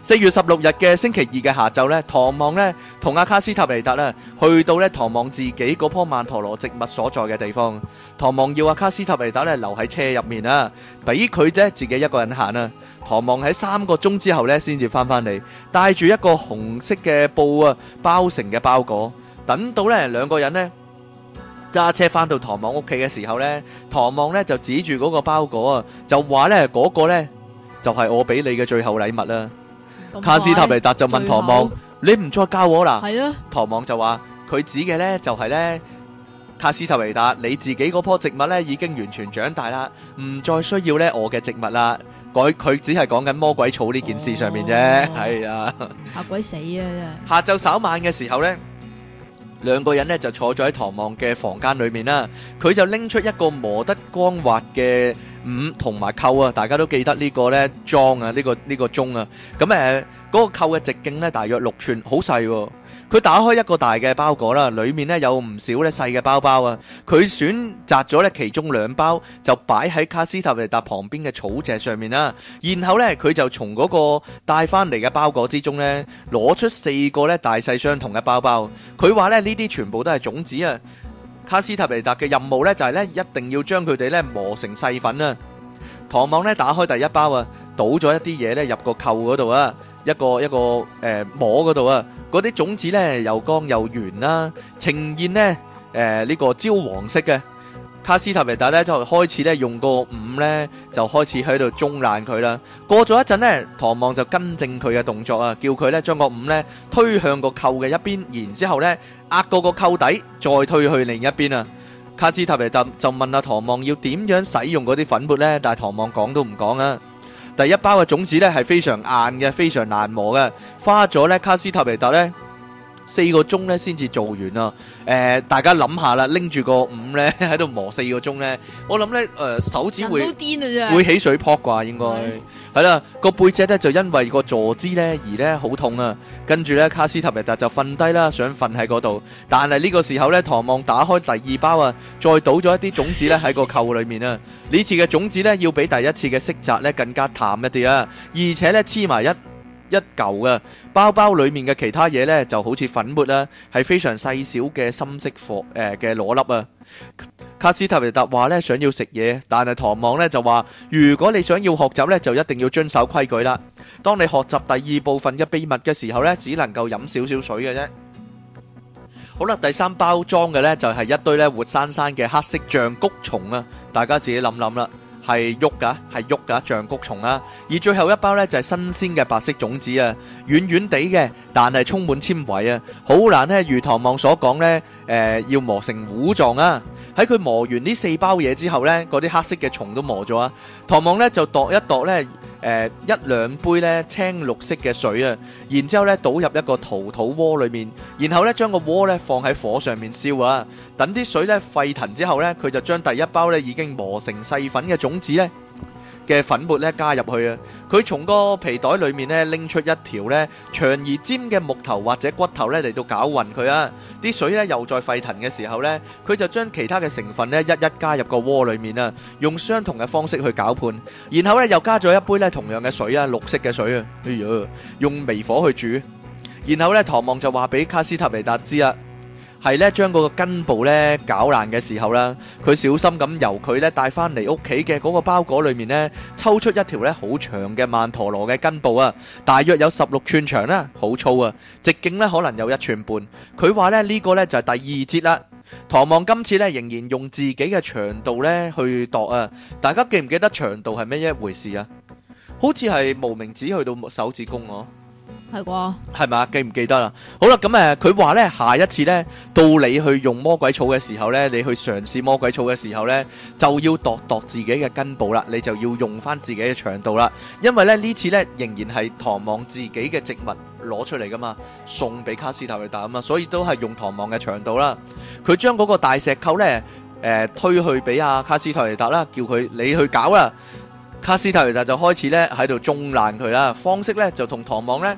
四月十六日嘅星期二嘅下晝呢，唐望呢同阿卡斯塔尼達呢，去到呢唐望自己嗰棵曼陀羅植物所在嘅地方。唐望要阿卡斯塔尼達呢留喺車入面啊，俾佢啫自己一個人行啊。唐望喺三個鐘之後呢先至返返嚟，帶住一個紅色嘅布啊包成嘅包裹。等到咧兩個人咧揸車翻到唐望屋企嘅時候咧，唐望咧就指住嗰個包裹啊，就話咧嗰個呢就係我俾你嘅最後禮物啦。卡斯特維達就問唐望：你唔再教我啦？係啊。唐望就話：佢指嘅呢就係呢卡斯特維達你自己嗰棵植物咧已經完全長大啦，唔再需要咧我嘅植物啦。改佢只係講緊魔鬼草呢件事上面啫，係啊。吓鬼死啊！ (laughs) (laughs) 下晝稍晚嘅時候呢。呢兩個人咧就坐咗喺唐望嘅房間裏面啦，佢就拎出一個磨得光滑嘅五同埋扣啊！大家都記得個呢個咧裝啊，呢、這個呢、這個鐘啊，咁誒嗰個扣嘅直徑咧大約六寸，好細喎。佢打開一個大嘅包裹啦，裏面咧有唔少咧細嘅包包啊。佢選擇咗咧其中兩包，就擺喺卡斯塔利達旁邊嘅草席上面啦。然後咧佢就從嗰個帶翻嚟嘅包裹之中咧，攞出四個咧大細相同嘅包包。佢話咧呢啲全部都係種子啊！卡斯塔利達嘅任務咧就係咧一定要將佢哋咧磨成細粉啊！唐望咧打開第一包啊，倒咗一啲嘢咧入個扣嗰度啊！一個一個誒摸嗰度啊，嗰啲種子咧又乾又圓啦，呈現咧誒呢個焦黃色嘅。卡斯塔皮特咧就開始咧用個五咧就開始喺度種爛佢啦。過咗一陣咧，唐望就跟正佢嘅動作啊，叫佢咧將個五咧推向個扣嘅一邊，然之後咧壓過個扣底，再推去另一邊啊。卡斯塔皮特就問阿唐望要點樣使用嗰啲粉末咧，但係唐望講都唔講啊。第一包嘅種子咧係非常硬嘅，非常難磨嘅，花咗咧卡斯塔尼特咧，四個鐘咧先至做完啊！誒、呃，大家諗下啦，拎住個五咧喺度磨四個鐘咧，我諗咧誒手指會癲嘅啫，會起水泡啩，應該係啦。個是背脊咧就因為個坐姿咧而咧好痛啊。跟住咧卡斯塔尼達就瞓低啦，想瞓喺嗰度。但係呢個時候咧，唐望打開第二包啊，再倒咗一啲種子咧喺個扣裏面啊。呢 (laughs) 次嘅種子咧要比第一次嘅色澤咧更加淡一啲啊，而且咧黐埋一。一嚿嘅包包裏面嘅其他嘢咧，就好似粉末啦，係非常細小嘅深色貨誒嘅顆粒啊。卡斯達維達話咧想要食嘢，但係唐望咧就話，如果你想要學習咧，就一定要遵守規矩啦。當你學習第二部分嘅秘密嘅時候咧，只能夠飲少少水嘅啫。好啦，第三包裝嘅咧就係一堆咧活生生嘅黑色醬谷蟲啊，大家自己諗諗啦。係喐噶，係喐噶，象谷蟲啊。而最後一包呢，就係新鮮嘅白色種子啊，軟軟地嘅，但係充滿纖維啊，好難呢，如唐望所講呢，誒、呃、要磨成糊狀啊。喺佢磨完呢四包嘢之後呢，嗰啲黑色嘅蟲都磨咗啊。唐望呢，就度一度呢。誒、呃、一兩杯咧青綠色嘅水啊，然之後咧倒入一個陶土鍋裏面，然後咧將個鍋咧放喺火上面燒啊，等啲水咧沸騰之後咧，佢就將第一包咧已經磨成細粉嘅種子咧，嘅粉末咧加入去啊，佢從個皮袋裏面咧拎出一條咧長而尖嘅木頭或者骨頭咧嚟到攪勻佢啊，啲水咧又再沸騰嘅時候咧，佢就將其他嘅成分咧一一加入個鍋裏面啦，用相同嘅方式去攪拌，然後咧又加咗一杯咧同樣嘅水啊，綠色嘅水啊，哎呀，用微火去煮，然後咧唐望就話俾卡斯塔尼達知啦。係咧，將嗰個根部咧搞爛嘅時候啦，佢小心咁由佢咧帶翻嚟屋企嘅嗰個包裹裏面呢，抽出一條咧好長嘅曼陀羅嘅根部啊，大約有十六寸長啦，好粗啊，直徑呢可能有一寸半。佢話咧呢、呢個呢就係第二節啦。唐望今次呢仍然用自己嘅長度呢去度啊，大家記唔記得長度係咩一回事啊？好似係無名指去到手指公哦、啊。係啩？係咪？記唔記得啦？好啦，咁、嗯、誒，佢話呢，下一次呢，到你去用魔鬼草嘅時候呢，你去嘗試魔鬼草嘅時候呢，就要度度自己嘅根部啦，你就要用翻自己嘅長度啦，因為咧呢次呢，仍然係唐望自己嘅植物攞出嚟噶嘛，送俾卡斯特雷達啊嘛，所以都係用唐望嘅長度啦。佢將嗰個大石溝呢，誒、呃，推去俾阿、啊、卡斯特雷達啦，叫佢你去搞啦。卡斯特雷達就開始呢，喺度種爛佢啦，方式呢，就同唐望呢。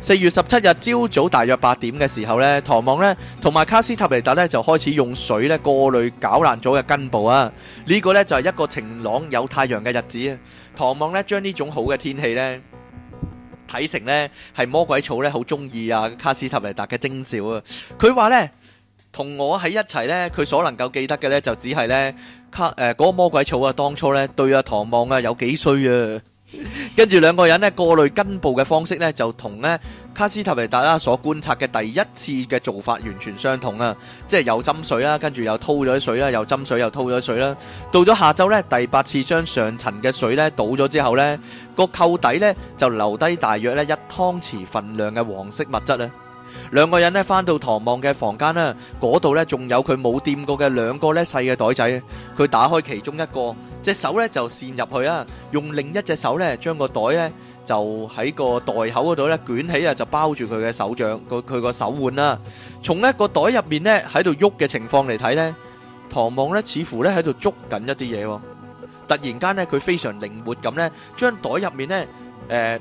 四月十七日朝早大約八點嘅時候咧，唐望咧同埋卡斯塔尼達咧就開始用水咧過濾攪爛咗嘅根部啊！呢個咧就係一個晴朗有太陽嘅日子啊！唐望咧將呢種好嘅天氣咧睇成咧係魔鬼草咧好中意啊！卡斯塔尼達嘅徵兆啊！佢話咧同我喺一齊咧，佢所能夠記得嘅咧就只係咧卡誒嗰個魔鬼草啊，當初咧對啊唐望啊有幾衰啊！跟住兩個人呢，過濾根部嘅方式呢，就同呢卡斯特維達所觀察嘅第一次嘅做法完全相同啊！即係又斟水啦，跟住又掏咗水啦，又斟水又掏咗水啦。到咗下晝呢，第八次將上層嘅水呢倒咗之後呢，個溝底呢就留低大約呢一湯匙份量嘅黃色物質咧。兩個人咧翻到唐望嘅房間啦，嗰度咧仲有佢冇掂過嘅兩個咧細嘅袋仔，佢打開其中一個，隻手咧就伸入去啦，用另一隻手咧將個袋咧就喺個袋口嗰度咧捲起啊，就包住佢嘅手掌個佢個手腕啦。從呢個袋入面咧喺度喐嘅情況嚟睇咧，唐望咧似乎咧喺度捉緊一啲嘢，突然間咧佢非常靈活咁咧，將袋入面咧誒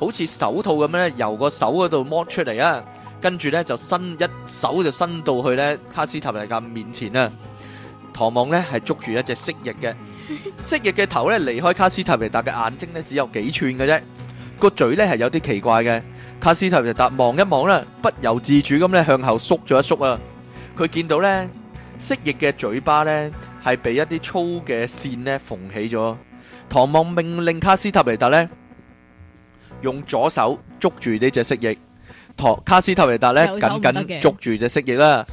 好似手套咁咧由個手嗰度剝出嚟啊！跟住咧就伸一手就伸到去咧卡斯塔維達面前啦。唐望咧係捉住一隻蜥蜴嘅，蜥蜴嘅頭咧離開卡斯塔維達嘅眼睛咧只有幾寸嘅啫。個嘴咧係有啲奇怪嘅。卡斯塔維達望一望咧，不由自主咁咧向後縮咗一縮啊。佢見到咧蜥蜴嘅嘴巴咧係俾一啲粗嘅線咧縫起咗。唐望命令卡斯塔維達咧用左手捉住呢隻蜥蜴。唐卡斯塔維達咧緊緊捉住隻蜥蜴啦，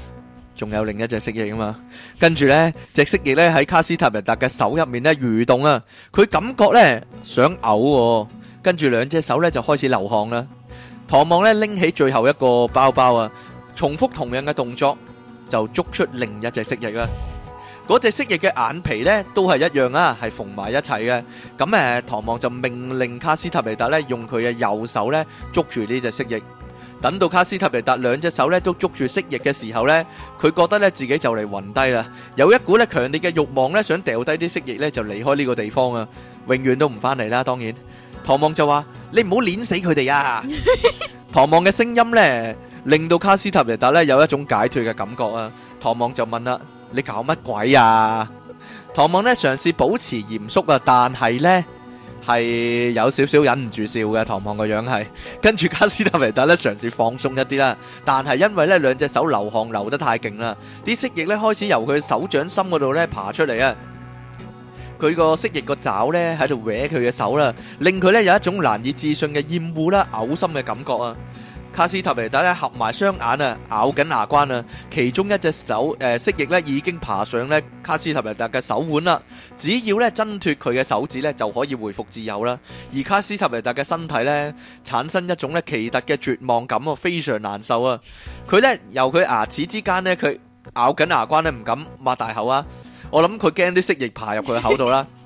仲有另一隻蜥蜴啊嘛。跟住呢隻蜥蜴咧喺卡斯塔維達嘅手入面咧蠕動啊，佢感覺咧想嘔，跟住兩隻手咧就開始流汗啦。唐望咧拎起最後一個包包啊，重複同樣嘅動作就捉出另一隻蜥蜴啦。嗰隻蜥蜴嘅眼皮咧都係一樣啊，係縫埋一齊嘅。咁誒，唐望就命令卡斯塔維達咧用佢嘅右手咧捉住呢隻蜥蜴。等到卡斯塔尼達兩隻手咧都捉住蜥蜴嘅時候咧，佢覺得咧自己就嚟暈低啦，有一股咧強烈嘅欲望咧想掉低啲蜥蜴咧就離開呢個地方啊，永遠都唔翻嚟啦。當然，唐望就話你唔好捻死佢哋啊！唐望嘅聲音咧令到卡斯塔尼達咧有一種解脫嘅感覺啊。唐望就問啦，你搞乜鬼啊？唐望咧嘗試保持嚴肅啊，但係咧。係有少少忍唔住笑嘅，唐望個樣係跟住卡斯特維特呢嘗試放鬆一啲啦，但係因為呢兩隻手流汗流得太勁啦，啲蜥蜴呢開始由佢手掌心嗰度呢爬出嚟啊，佢個蜥蜴個爪呢喺度搲佢嘅手啦，令佢呢有一種難以置信嘅厭惡啦、嘔心嘅感覺啊！卡斯塔維達咧合埋雙眼啊，咬緊牙關啊，其中一隻手誒、呃，蜥蜴咧已經爬上咧卡斯塔維達嘅手腕啦。只要咧掙脫佢嘅手指咧，就可以回復自由啦。而卡斯塔維達嘅身體咧產生一種咧奇特嘅絕望感啊，非常難受啊。佢咧由佢牙齒之間咧，佢咬緊牙關咧，唔敢擘大口啊。我諗佢驚啲蜥蜴爬，爬入佢口度啦。 (laughs)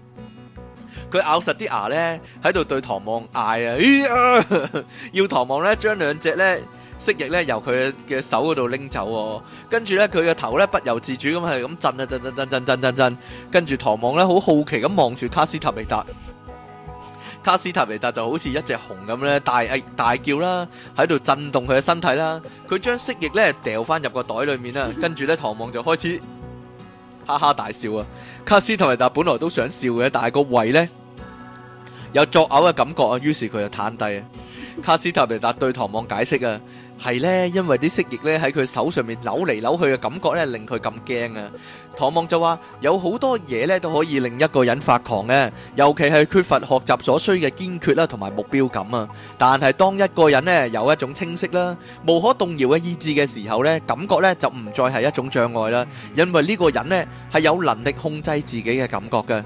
佢咬實啲牙咧，喺度對唐望嗌！啊！啊 (laughs) 要唐望咧將兩隻咧蜥蜴咧由佢嘅手嗰度拎走，啊，跟住咧佢嘅頭咧不由自主咁係咁震啊震震震震震震震，跟住唐望咧好好奇咁望住卡斯塔尼達，卡斯塔尼達就好似一隻熊咁咧大嗌大叫啦，喺度震動佢嘅身體啦，佢將蜥蜴咧掉翻入個袋裏面啦，跟住咧唐望就開始。哈哈大笑啊！卡斯同埋達本來都想笑嘅，但係個胃咧有作嘔嘅感覺啊，於是佢就攤低啊。卡斯塔尼達對唐望解釋啊，係咧，因為啲蜥蜴咧喺佢手上面扭嚟扭去嘅感覺咧，令佢咁驚啊。唐望就話有好多嘢咧都可以令一個人發狂嘅，尤其係缺乏學習所需嘅堅決啦，同埋目標感啊。但係當一個人咧有一種清晰啦、無可動搖嘅意志嘅時候咧，感覺咧就唔再係一種障礙啦，因為呢個人咧係有能力控制自己嘅感覺嘅。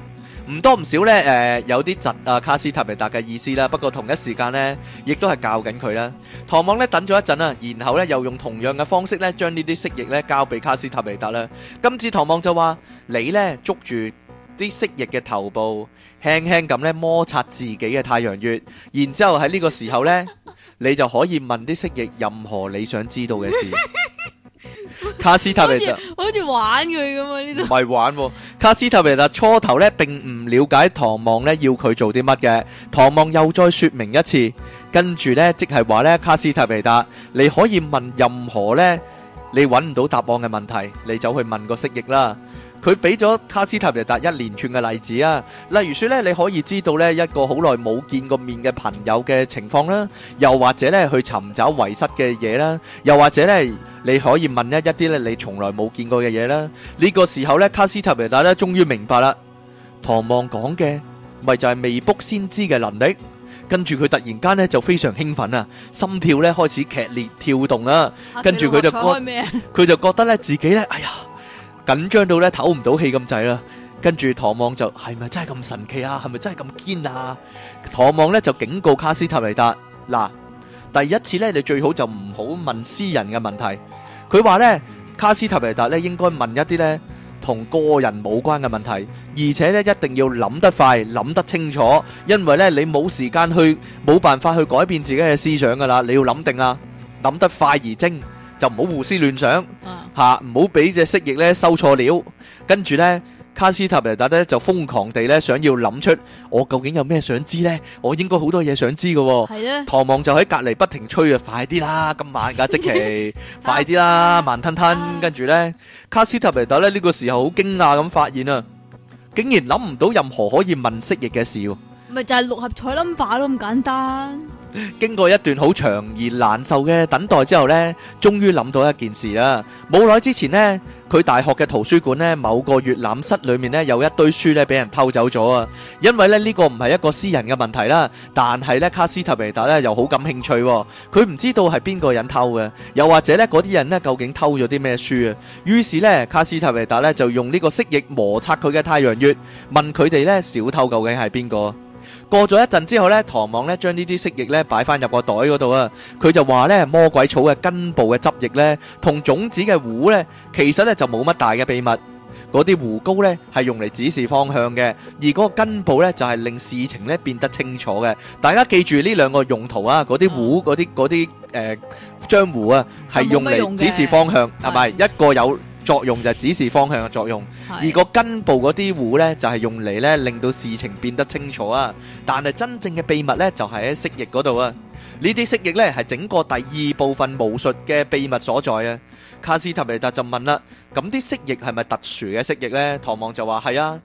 唔多唔少呢，誒、呃、有啲窒啊卡斯塔梅達嘅意思啦，不過同一時間呢，亦都係教緊佢啦。唐望呢，等咗一陣啦，然後呢，又用同樣嘅方式呢，將呢啲蜥蜴呢交俾卡斯塔梅達啦。今次唐望就話：你呢，捉住啲蜥蜴嘅頭部，輕輕咁呢，摩擦自己嘅太陽穴，然之後喺呢個時候呢，你就可以問啲蜥蜴任何你想知道嘅事。 (laughs) 卡斯塔維達， (laughs) 我好似玩佢咁啊！呢啲唔係玩。卡斯塔維達初頭呢並唔了解唐望呢要佢做啲乜嘅。唐望又再說明一次，跟住呢即係話呢卡斯塔維達，你可以問任何呢你揾唔到答案嘅問題，你走去問個蜥蜴啦。佢俾咗卡斯塔尼達一連串嘅例子啊，例如說咧，你可以知道咧一個好耐冇見過面嘅朋友嘅情況啦，又或者咧去尋找遺失嘅嘢啦,又或者咧你可以問一一啲咧你從來冇見過嘅嘢啦。呢個時候咧，卡斯塔尼達咧終於明白啦,唐望講嘅咪就係未卜先知嘅能力。跟住佢突然間咧就非常興奮啊，心跳咧開始劇烈跳動啦。跟住佢就覺，佢就覺得咧自己咧，哎呀！緊張到咧唞唔到氣咁滯啦，跟住唐望就係咪真係咁神奇啊？係咪真係咁堅啊？唐望咧就警告卡斯塔尼達嗱，第一次咧你最好就唔好問私人嘅問題。佢話咧卡斯塔尼達咧應該問一啲咧同個人冇關嘅問題，而且咧一定要諗得快諗得清楚，因為咧你冇時間去冇辦法去改變自己嘅思想噶啦，你要諗定啦，諗得快而精。就唔好胡思亂想吓，唔好俾隻蜥蜴咧收錯了。跟住咧，卡斯塔維達咧就瘋狂地咧想要諗出我究竟有咩想知咧，我應該好多嘢想知嘅。係咧，唐望就喺隔籬不停吹啊，快啲啦，咁慢噶即期，快啲啦，慢吞吞。跟住咧，卡斯塔維達咧呢個時候好驚訝咁發現啊，竟然諗唔到任何可以問蜥蜴嘅事。咪就係六合彩 number 都咁簡單。經過一段好長而難受嘅等待之後呢，終於諗到一件事啦。冇耐之前呢，佢大學嘅圖書館呢，某個閱覽室裏面呢，有一堆書呢俾人偷走咗啊。因為咧呢個唔係一個私人嘅問題啦，但係呢，卡斯特維達呢又好感興趣喎、哦。佢唔知道係邊個人偷嘅，又或者呢嗰啲人呢究竟偷咗啲咩書啊。於是呢，卡斯特維達呢就用呢個蜥蜴摩擦佢嘅太陽穴，問佢哋呢「小偷」究竟係邊個。過咗一陣之後呢，唐望呢將呢啲蜥蜴呢。擺翻入個袋嗰度啊！佢就話咧，魔鬼草嘅根部嘅汁液咧，同種子嘅糊咧,其實咧就冇乜大嘅秘密。嗰啲糊膏咧係用嚟指示方向嘅，而嗰個根部咧就係令事情咧變得清楚嘅。大家記住呢兩個用途啊！嗰啲糊，嗰啲嗰啲誒，漿糊啊，係用嚟指示方向，係咪？一個有？作用就係指示方向嘅作用，而個根部嗰啲糊呢，就係、是、用嚟呢令到事情變得清楚啊！但係真正嘅秘密呢，就喺、是、蜥蜴嗰度啊！呢啲蜥蜴呢，係整個第二部分巫術嘅秘密所在啊！卡斯特梅達就問啦：咁啲蜥蜴係咪特殊嘅蜥蜴呢？」唐望就話係啊！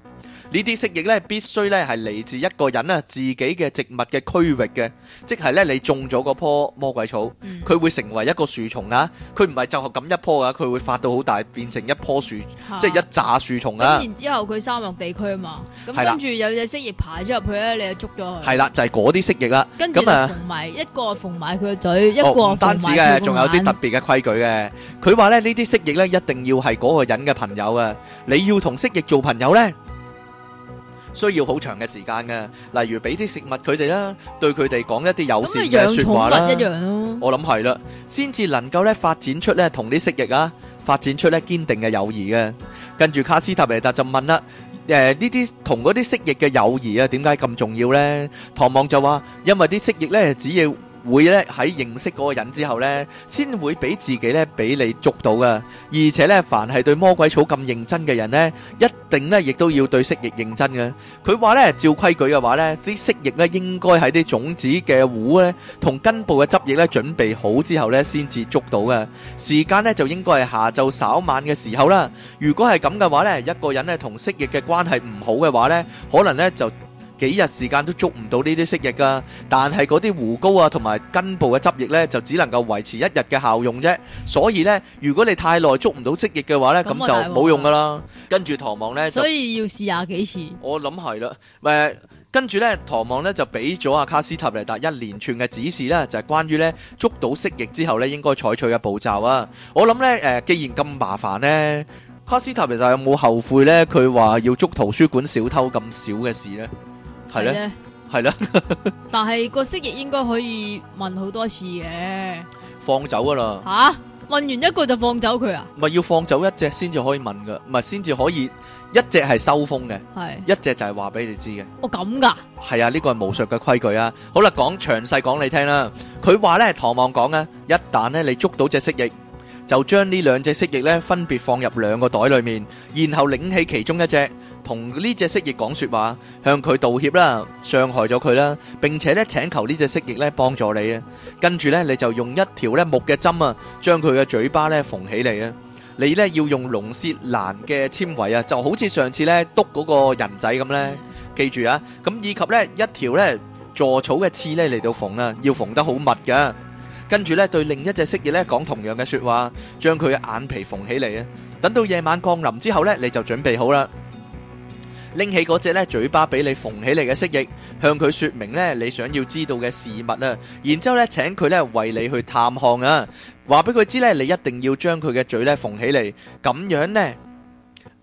呢啲蜥蜴咧，必須咧係嚟自一個人啊自己嘅植物嘅區域嘅，即係咧你種咗個棵魔鬼草，佢會成為一個樹叢啊！佢唔係就咁一棵噶，佢會發到好大，變成一棵樹，即係一紮樹叢啊！咁然之後佢沙漠地區啊嘛，咁跟住有隻蜥蜴爬咗入去咧，你就捉咗佢。係啦，就係嗰啲蜥蜴啦。跟住，同埋一個縫埋佢個嘴，一個縫埋佢個眼。唔單止嘅，仲有啲特別嘅規矩嘅。佢話咧呢啲蜥蜴咧，一定要係嗰個人嘅朋友啊！你要同蜥蜴做朋友咧？需要好長嘅時間嘅，例如俾啲食物佢哋啦，對佢哋講一啲友善嘅說話啦，一樣，我諗係啦，先至能夠咧發展出咧同啲蜥蜴啊發展出咧堅定嘅友誼嘅。跟住卡斯塔貝特就問啦，誒，呢啲同嗰啲蜥蜴嘅友誼啊，點解咁重要呢？」唐望就話，因為啲蜥蜴咧只要。會咧喺認識嗰個人之後咧，先會俾自己咧俾你捉到㗎。而且咧，凡係對魔鬼草咁認真嘅人咧，一定咧亦都要對蜥蜴認真嘅。佢話咧，照規矩嘅話咧，啲蜥蜴咧應該喺啲種子嘅壺咧同根部嘅汁液咧準備好之後咧，先至捉到嘅。時間咧就應該係下晝稍晚嘅時候啦。如果係咁嘅話咧，一個人咧同蜥蜴嘅關係唔好嘅話咧，可能咧就。幾日時間都捉唔到呢啲蜥蜴噶，但係嗰啲胡高啊同埋根部嘅汁液咧，就只能夠維持一日嘅效用啫。所以咧，如果你太耐捉唔到蜥蜴嘅話咧，咁就冇用噶啦。跟住唐望咧，所以要試下幾次。我諗係啦，誒，跟住咧，唐望咧就俾咗阿卡斯塔尼達一連串嘅指示啦，就係關於咧捉到蜥蜴之後咧應該採取嘅步驟啊。我諗咧，誒，既然咁麻煩咧，卡斯塔尼達有冇後悔咧？佢話要捉圖書館小偷咁少嘅事咧？係咧，係咧。但係個蜥蜴應該可以問好多次嘅，放走噶啦。吓，問完一個就放走佢啊？唔係要放走一隻先至可以問噶，唔係先至可以一隻係收風嘅，係一隻就係話俾你知嘅。哦，咁噶？係啊，呢個係巫術嘅規矩啊。好啦，講詳細講你聽啦。佢話咧，唐望講啊，一旦咧你捉到隻蜥蜴，就將呢兩隻蜥蜴咧分別放入兩個袋裏面，然後擰起其中一隻。同呢隻蜥蜴講說話，向佢道歉啦，傷害咗佢啦，並且咧請求呢隻蜥蜴咧幫助你啊。跟住咧，你就用一條咧木嘅針啊，將佢嘅嘴巴咧縫起嚟啊。你咧要用龍舌蘭嘅纖維啊，就好似上次咧篤嗰個人仔咁咧。記住啊，咁以及咧一條咧助草嘅刺咧嚟到縫啊，要縫得好密㗎。跟住咧，對另一隻蜥蜴咧講同樣嘅說話，將佢嘅眼皮縫起嚟啊。等到夜晚降臨之後咧，你就準備好啦。拎起嗰隻咧嘴巴俾你縫起嚟嘅蜥蜴，向佢説明咧你想要知道嘅事物啊，然之後咧請佢咧為你去探看啊，話俾佢知咧你一定要將佢嘅嘴咧縫起嚟，咁樣咧。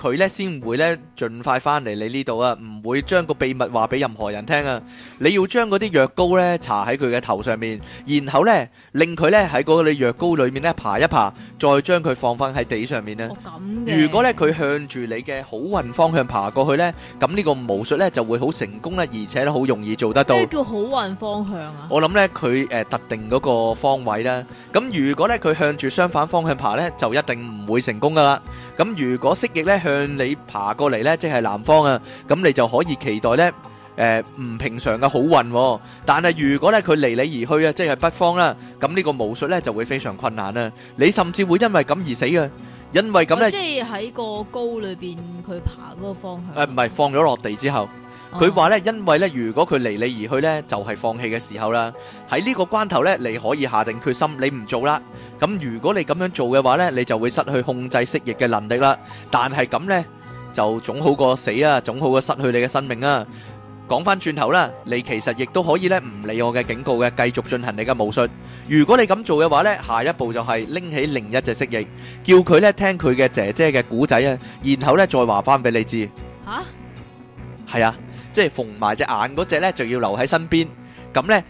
佢咧先會咧盡快翻嚟你呢度啊，唔會將個秘密話俾任何人聽啊。你要將嗰啲藥膏咧搽喺佢嘅頭上面，然後咧令佢咧喺嗰個藥膏裡面咧爬一爬，再將佢放翻喺地上面咧。哦，咁嘅。如果咧佢向住你嘅好運方向爬過去咧，咁呢個巫術咧就會好成功咧，而且咧好容易做得到。咩叫好運方向啊？我諗咧佢誒特定嗰個方位啦。咁如果咧佢向住相反方向爬咧，就一定唔會成功噶啦。咁如果蜥蜴咧向向你爬過嚟咧，即係南方啊，咁你就可以期待咧，誒唔平常嘅好運。但係如果咧佢離你而去啊，即係北方啦，咁呢個巫術咧就會非常困難啦，你甚至會因為咁而死啊，因為咁咧。即係喺個高裏邊，佢爬嗰個方向。誒，唔係放咗落地之後。佢話咧，因為咧，如果佢離你而去咧，就係放棄嘅時候啦。喺呢個關頭咧，你可以下定決心，你唔做啦。咁如果你咁樣做嘅話咧，你就會失去控制蜥蜴嘅能力啦。但係咁咧，就總好過死啊，總好過失去你嘅生命啊。講翻轉頭啦，你其實亦都可以咧唔理我嘅警告嘅，繼續進行你嘅巫術。如果你咁做嘅話咧，下一步就係拎起另一隻蜥蜴，叫佢咧聽佢嘅姐姐嘅古仔啊，然後咧再話翻俾你知。吓，係啊。即係縫埋隻眼嗰隻咧就要留喺身邊，咁咧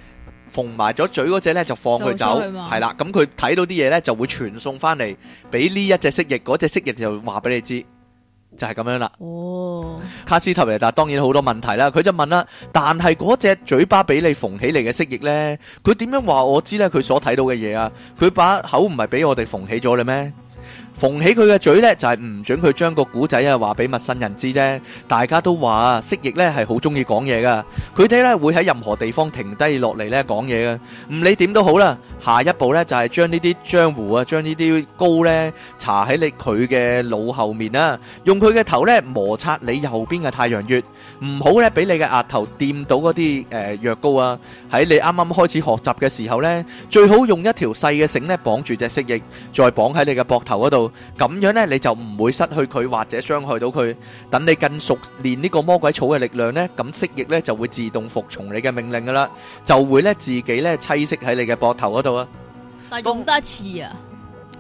縫埋咗嘴嗰隻咧就放佢走，係啦，咁佢睇到啲嘢咧就會傳送翻嚟俾呢一隻蜥蜴，嗰隻蜥蜴就話俾你知，就係咁樣啦。哦，卡斯塔尼達，但係當然好多問題啦，佢就問啦，但係嗰隻嘴巴俾你縫起嚟嘅蜥蜴咧，佢點樣話我知咧？佢所睇到嘅嘢啊，佢把口唔係俾我哋縫起咗嘅咩？縫起佢嘅嘴咧，就係唔準佢將個古仔啊話俾陌生人知啫。大家都話啊，蜥蜴咧係好鍾意講嘢㗎，佢哋咧會喺任何地方停低落嚟咧講嘢㗎。唔理點都好啦，下一步咧就係將呢啲漿糊啊，將呢啲膏咧搽喺你佢嘅腦後面啊，用佢嘅頭咧摩擦你右邊嘅太陽穴，唔好咧俾你嘅額頭掂到嗰啲誒藥膏啊。喺你啱啱開始學習嘅時候咧，最好用一條細嘅繩咧綁住隻蜥蜴，再綁喺你嘅膊頭嗰度。咁樣呢，你就唔會失去佢或者傷害到佢。等你更熟練呢個魔鬼草嘅力量呢，咁蜥蜴呢就會自動服從你嘅命令噶啦，就會呢自己呢棲息喺你嘅膊頭嗰度啊。但係用得一次啊。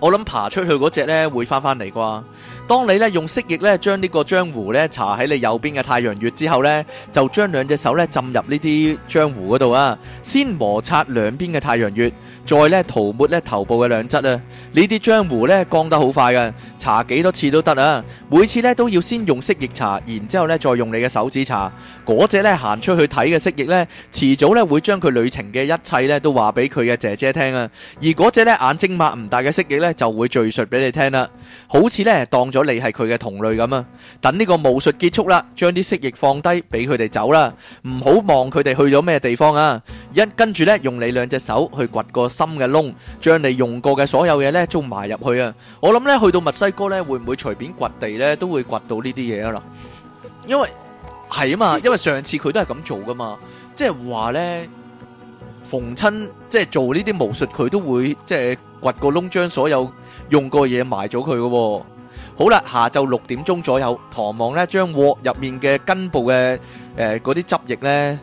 我諗爬出去嗰隻咧會翻返嚟啩。當你咧用蜥蜴咧將呢個漿糊咧搽喺你右邊嘅太陽穴之後咧，就將兩隻手咧浸入呢啲漿糊嗰度啊。先摩擦兩邊嘅太陽穴，再咧塗抹咧頭部嘅兩側啊。呢啲漿糊咧乾得好快噶，搽幾多次都得啊。每次咧都要先用蜥蜴搽，然之後咧再用你嘅手指搽。嗰隻咧行出去睇嘅蜥蜴咧，遲早咧會將佢旅程嘅一切咧都話俾佢嘅姐姐聽啊。而嗰隻咧眼睛擘唔大嘅蜥蜴咧。就會敘述俾你聽啦，好似咧當咗你係佢嘅同類咁啊。等呢個巫術結束啦，將啲蜥蜴放低俾佢哋走啦，唔好望佢哋去咗咩地方啊。一跟住咧，用你兩隻手去掘個深嘅窿，將你用過嘅所有嘢咧，捉埋入去啊。我諗咧去到墨西哥咧，會唔會隨便掘地咧，都會掘到呢啲嘢啊？啦，因為係啊嘛，因為上次佢都係咁做噶嘛，即係話咧，逢親即係做呢啲巫術，佢都會即係。掘個窿，將所有用過嘢埋咗佢嘅。好啦，下晝六點鐘左右，唐望咧將鍋入面嘅根部嘅誒嗰啲汁液咧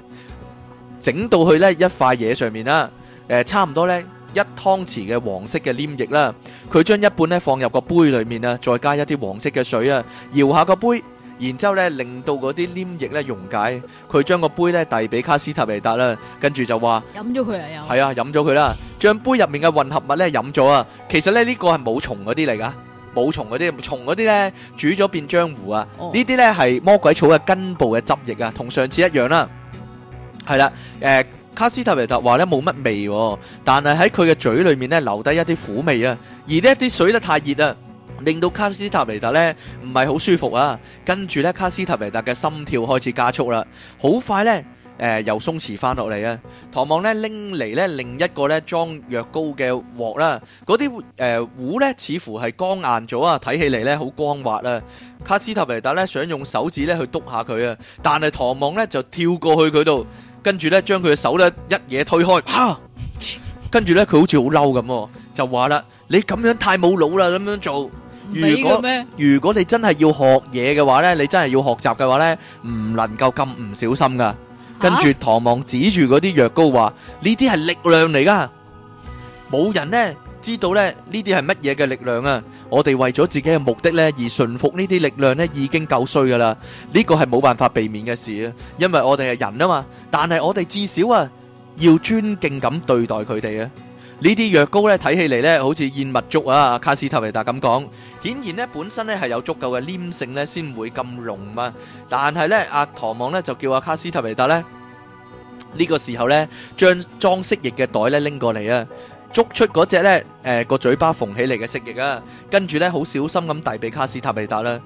整到去咧一塊嘢上面啦。誒，差唔多咧一湯匙嘅黃色嘅黏液啦，佢將一半咧放入個杯裏面啊，再加一啲黃色嘅水啊，搖下個杯。然之後咧，令到嗰啲黏液咧溶解，佢將個杯咧遞俾卡斯塔維達啦，跟住就話飲咗佢啊，飲係啊，飲咗佢啦，將杯入面嘅混合物咧飲咗啊。其實咧呢個係冇蟲嗰啲嚟噶，冇蟲嗰啲蟲嗰啲咧煮咗變漿糊啊。呢啲咧係魔鬼草嘅根部嘅汁液啊，同上次一樣啦。係啦，誒，卡斯塔維達話咧冇乜味，但係喺佢嘅嘴裏面咧留低一啲苦味啊。而呢一啲水咧太熱啊。令到卡斯塔尼達咧唔係好舒服啊，跟住咧卡斯塔尼達嘅心跳開始加速啦，好快咧，誒又鬆弛翻落嚟啊！唐望咧拎嚟咧另一個咧裝藥膏嘅鑊啦，嗰啲誒壺咧似乎係光硬咗啊，睇起嚟咧好光滑啊！卡斯塔尼達咧想用手指咧去督下佢啊，但係唐望咧就跳過去佢度，跟住咧將佢嘅手咧一嘢推開，吓！跟住咧佢好似好嬲咁，就話啦：你咁樣太冇腦啦，咁樣做！如果如果你真係要學嘢嘅話呢，你真係要學習嘅話呢，唔能夠咁唔小心噶。跟住唐望指住嗰啲藥膏話：呢啲係力量嚟噶，冇人呢知道呢呢啲係乜嘢嘅力量啊！我哋為咗自己嘅目的呢而馴服呢啲力量呢，已經夠衰噶啦。呢個係冇辦法避免嘅事啊！因為我哋係人啊嘛，但係我哋至少啊要尊敬咁對待佢哋啊。藥呢啲藥膏咧睇起嚟咧，好似燕麥粥啊！卡斯提維達咁講，顯然咧本身咧係有足夠嘅黏性咧，先會咁濃啊。但係咧，阿唐望咧就叫阿、啊、卡斯提維達咧呢、這個時候咧，將裝蜥蜴嘅袋咧拎過嚟啊，捉出嗰隻咧誒個嘴巴縫起嚟嘅蜥蜴啊，跟住咧好小心咁遞俾卡斯提維達啦。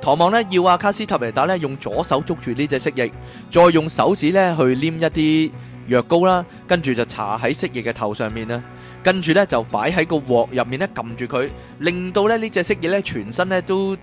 唐望咧要阿卡斯塔尼達咧，用左手捉住呢隻蜥蜴，再用手指咧去黏一啲藥膏啦，跟住就搽喺蜥蜴嘅頭上面啦，跟住咧就擺喺個鑊入面咧撳住佢，令到咧呢隻蜥蜴咧全身咧都誒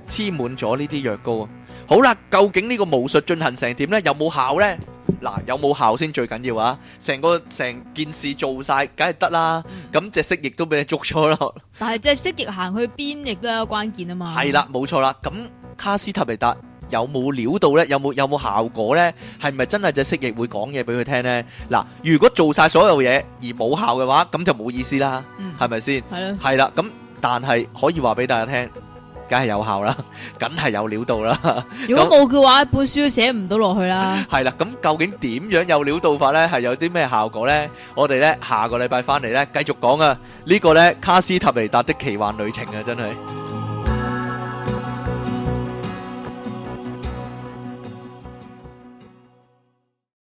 黐滿咗呢啲藥膏。好啦，究竟呢個巫術進行成點咧？有冇效咧？嗱，有冇效先最緊要啊！成個成件事做曬，梗係得啦。咁隻蜥蜴都俾你捉錯咯，但係隻蜥蜴行去邊，亦都有關鍵啊嘛。係啦，冇錯啦。咁卡斯塔尼達有冇料到咧？有冇，有冇效果咧？係咪真係隻蜥蜴會講嘢俾佢聽咧？嗱，如果做曬所有嘢而冇效嘅話，咁就冇意思啦。係咪先？係咯。係啦。咁但係可以話俾大家聽。梗係有效啦，梗係有料到啦。如果冇嘅話，本書都寫唔到落去啦。係啦，咁究竟點樣有料到法呢？係有啲咩效果呢？我哋呢下個禮拜翻嚟呢，繼續講啊！呢個呢《卡斯塔尼達的奇幻旅程》啊，真係。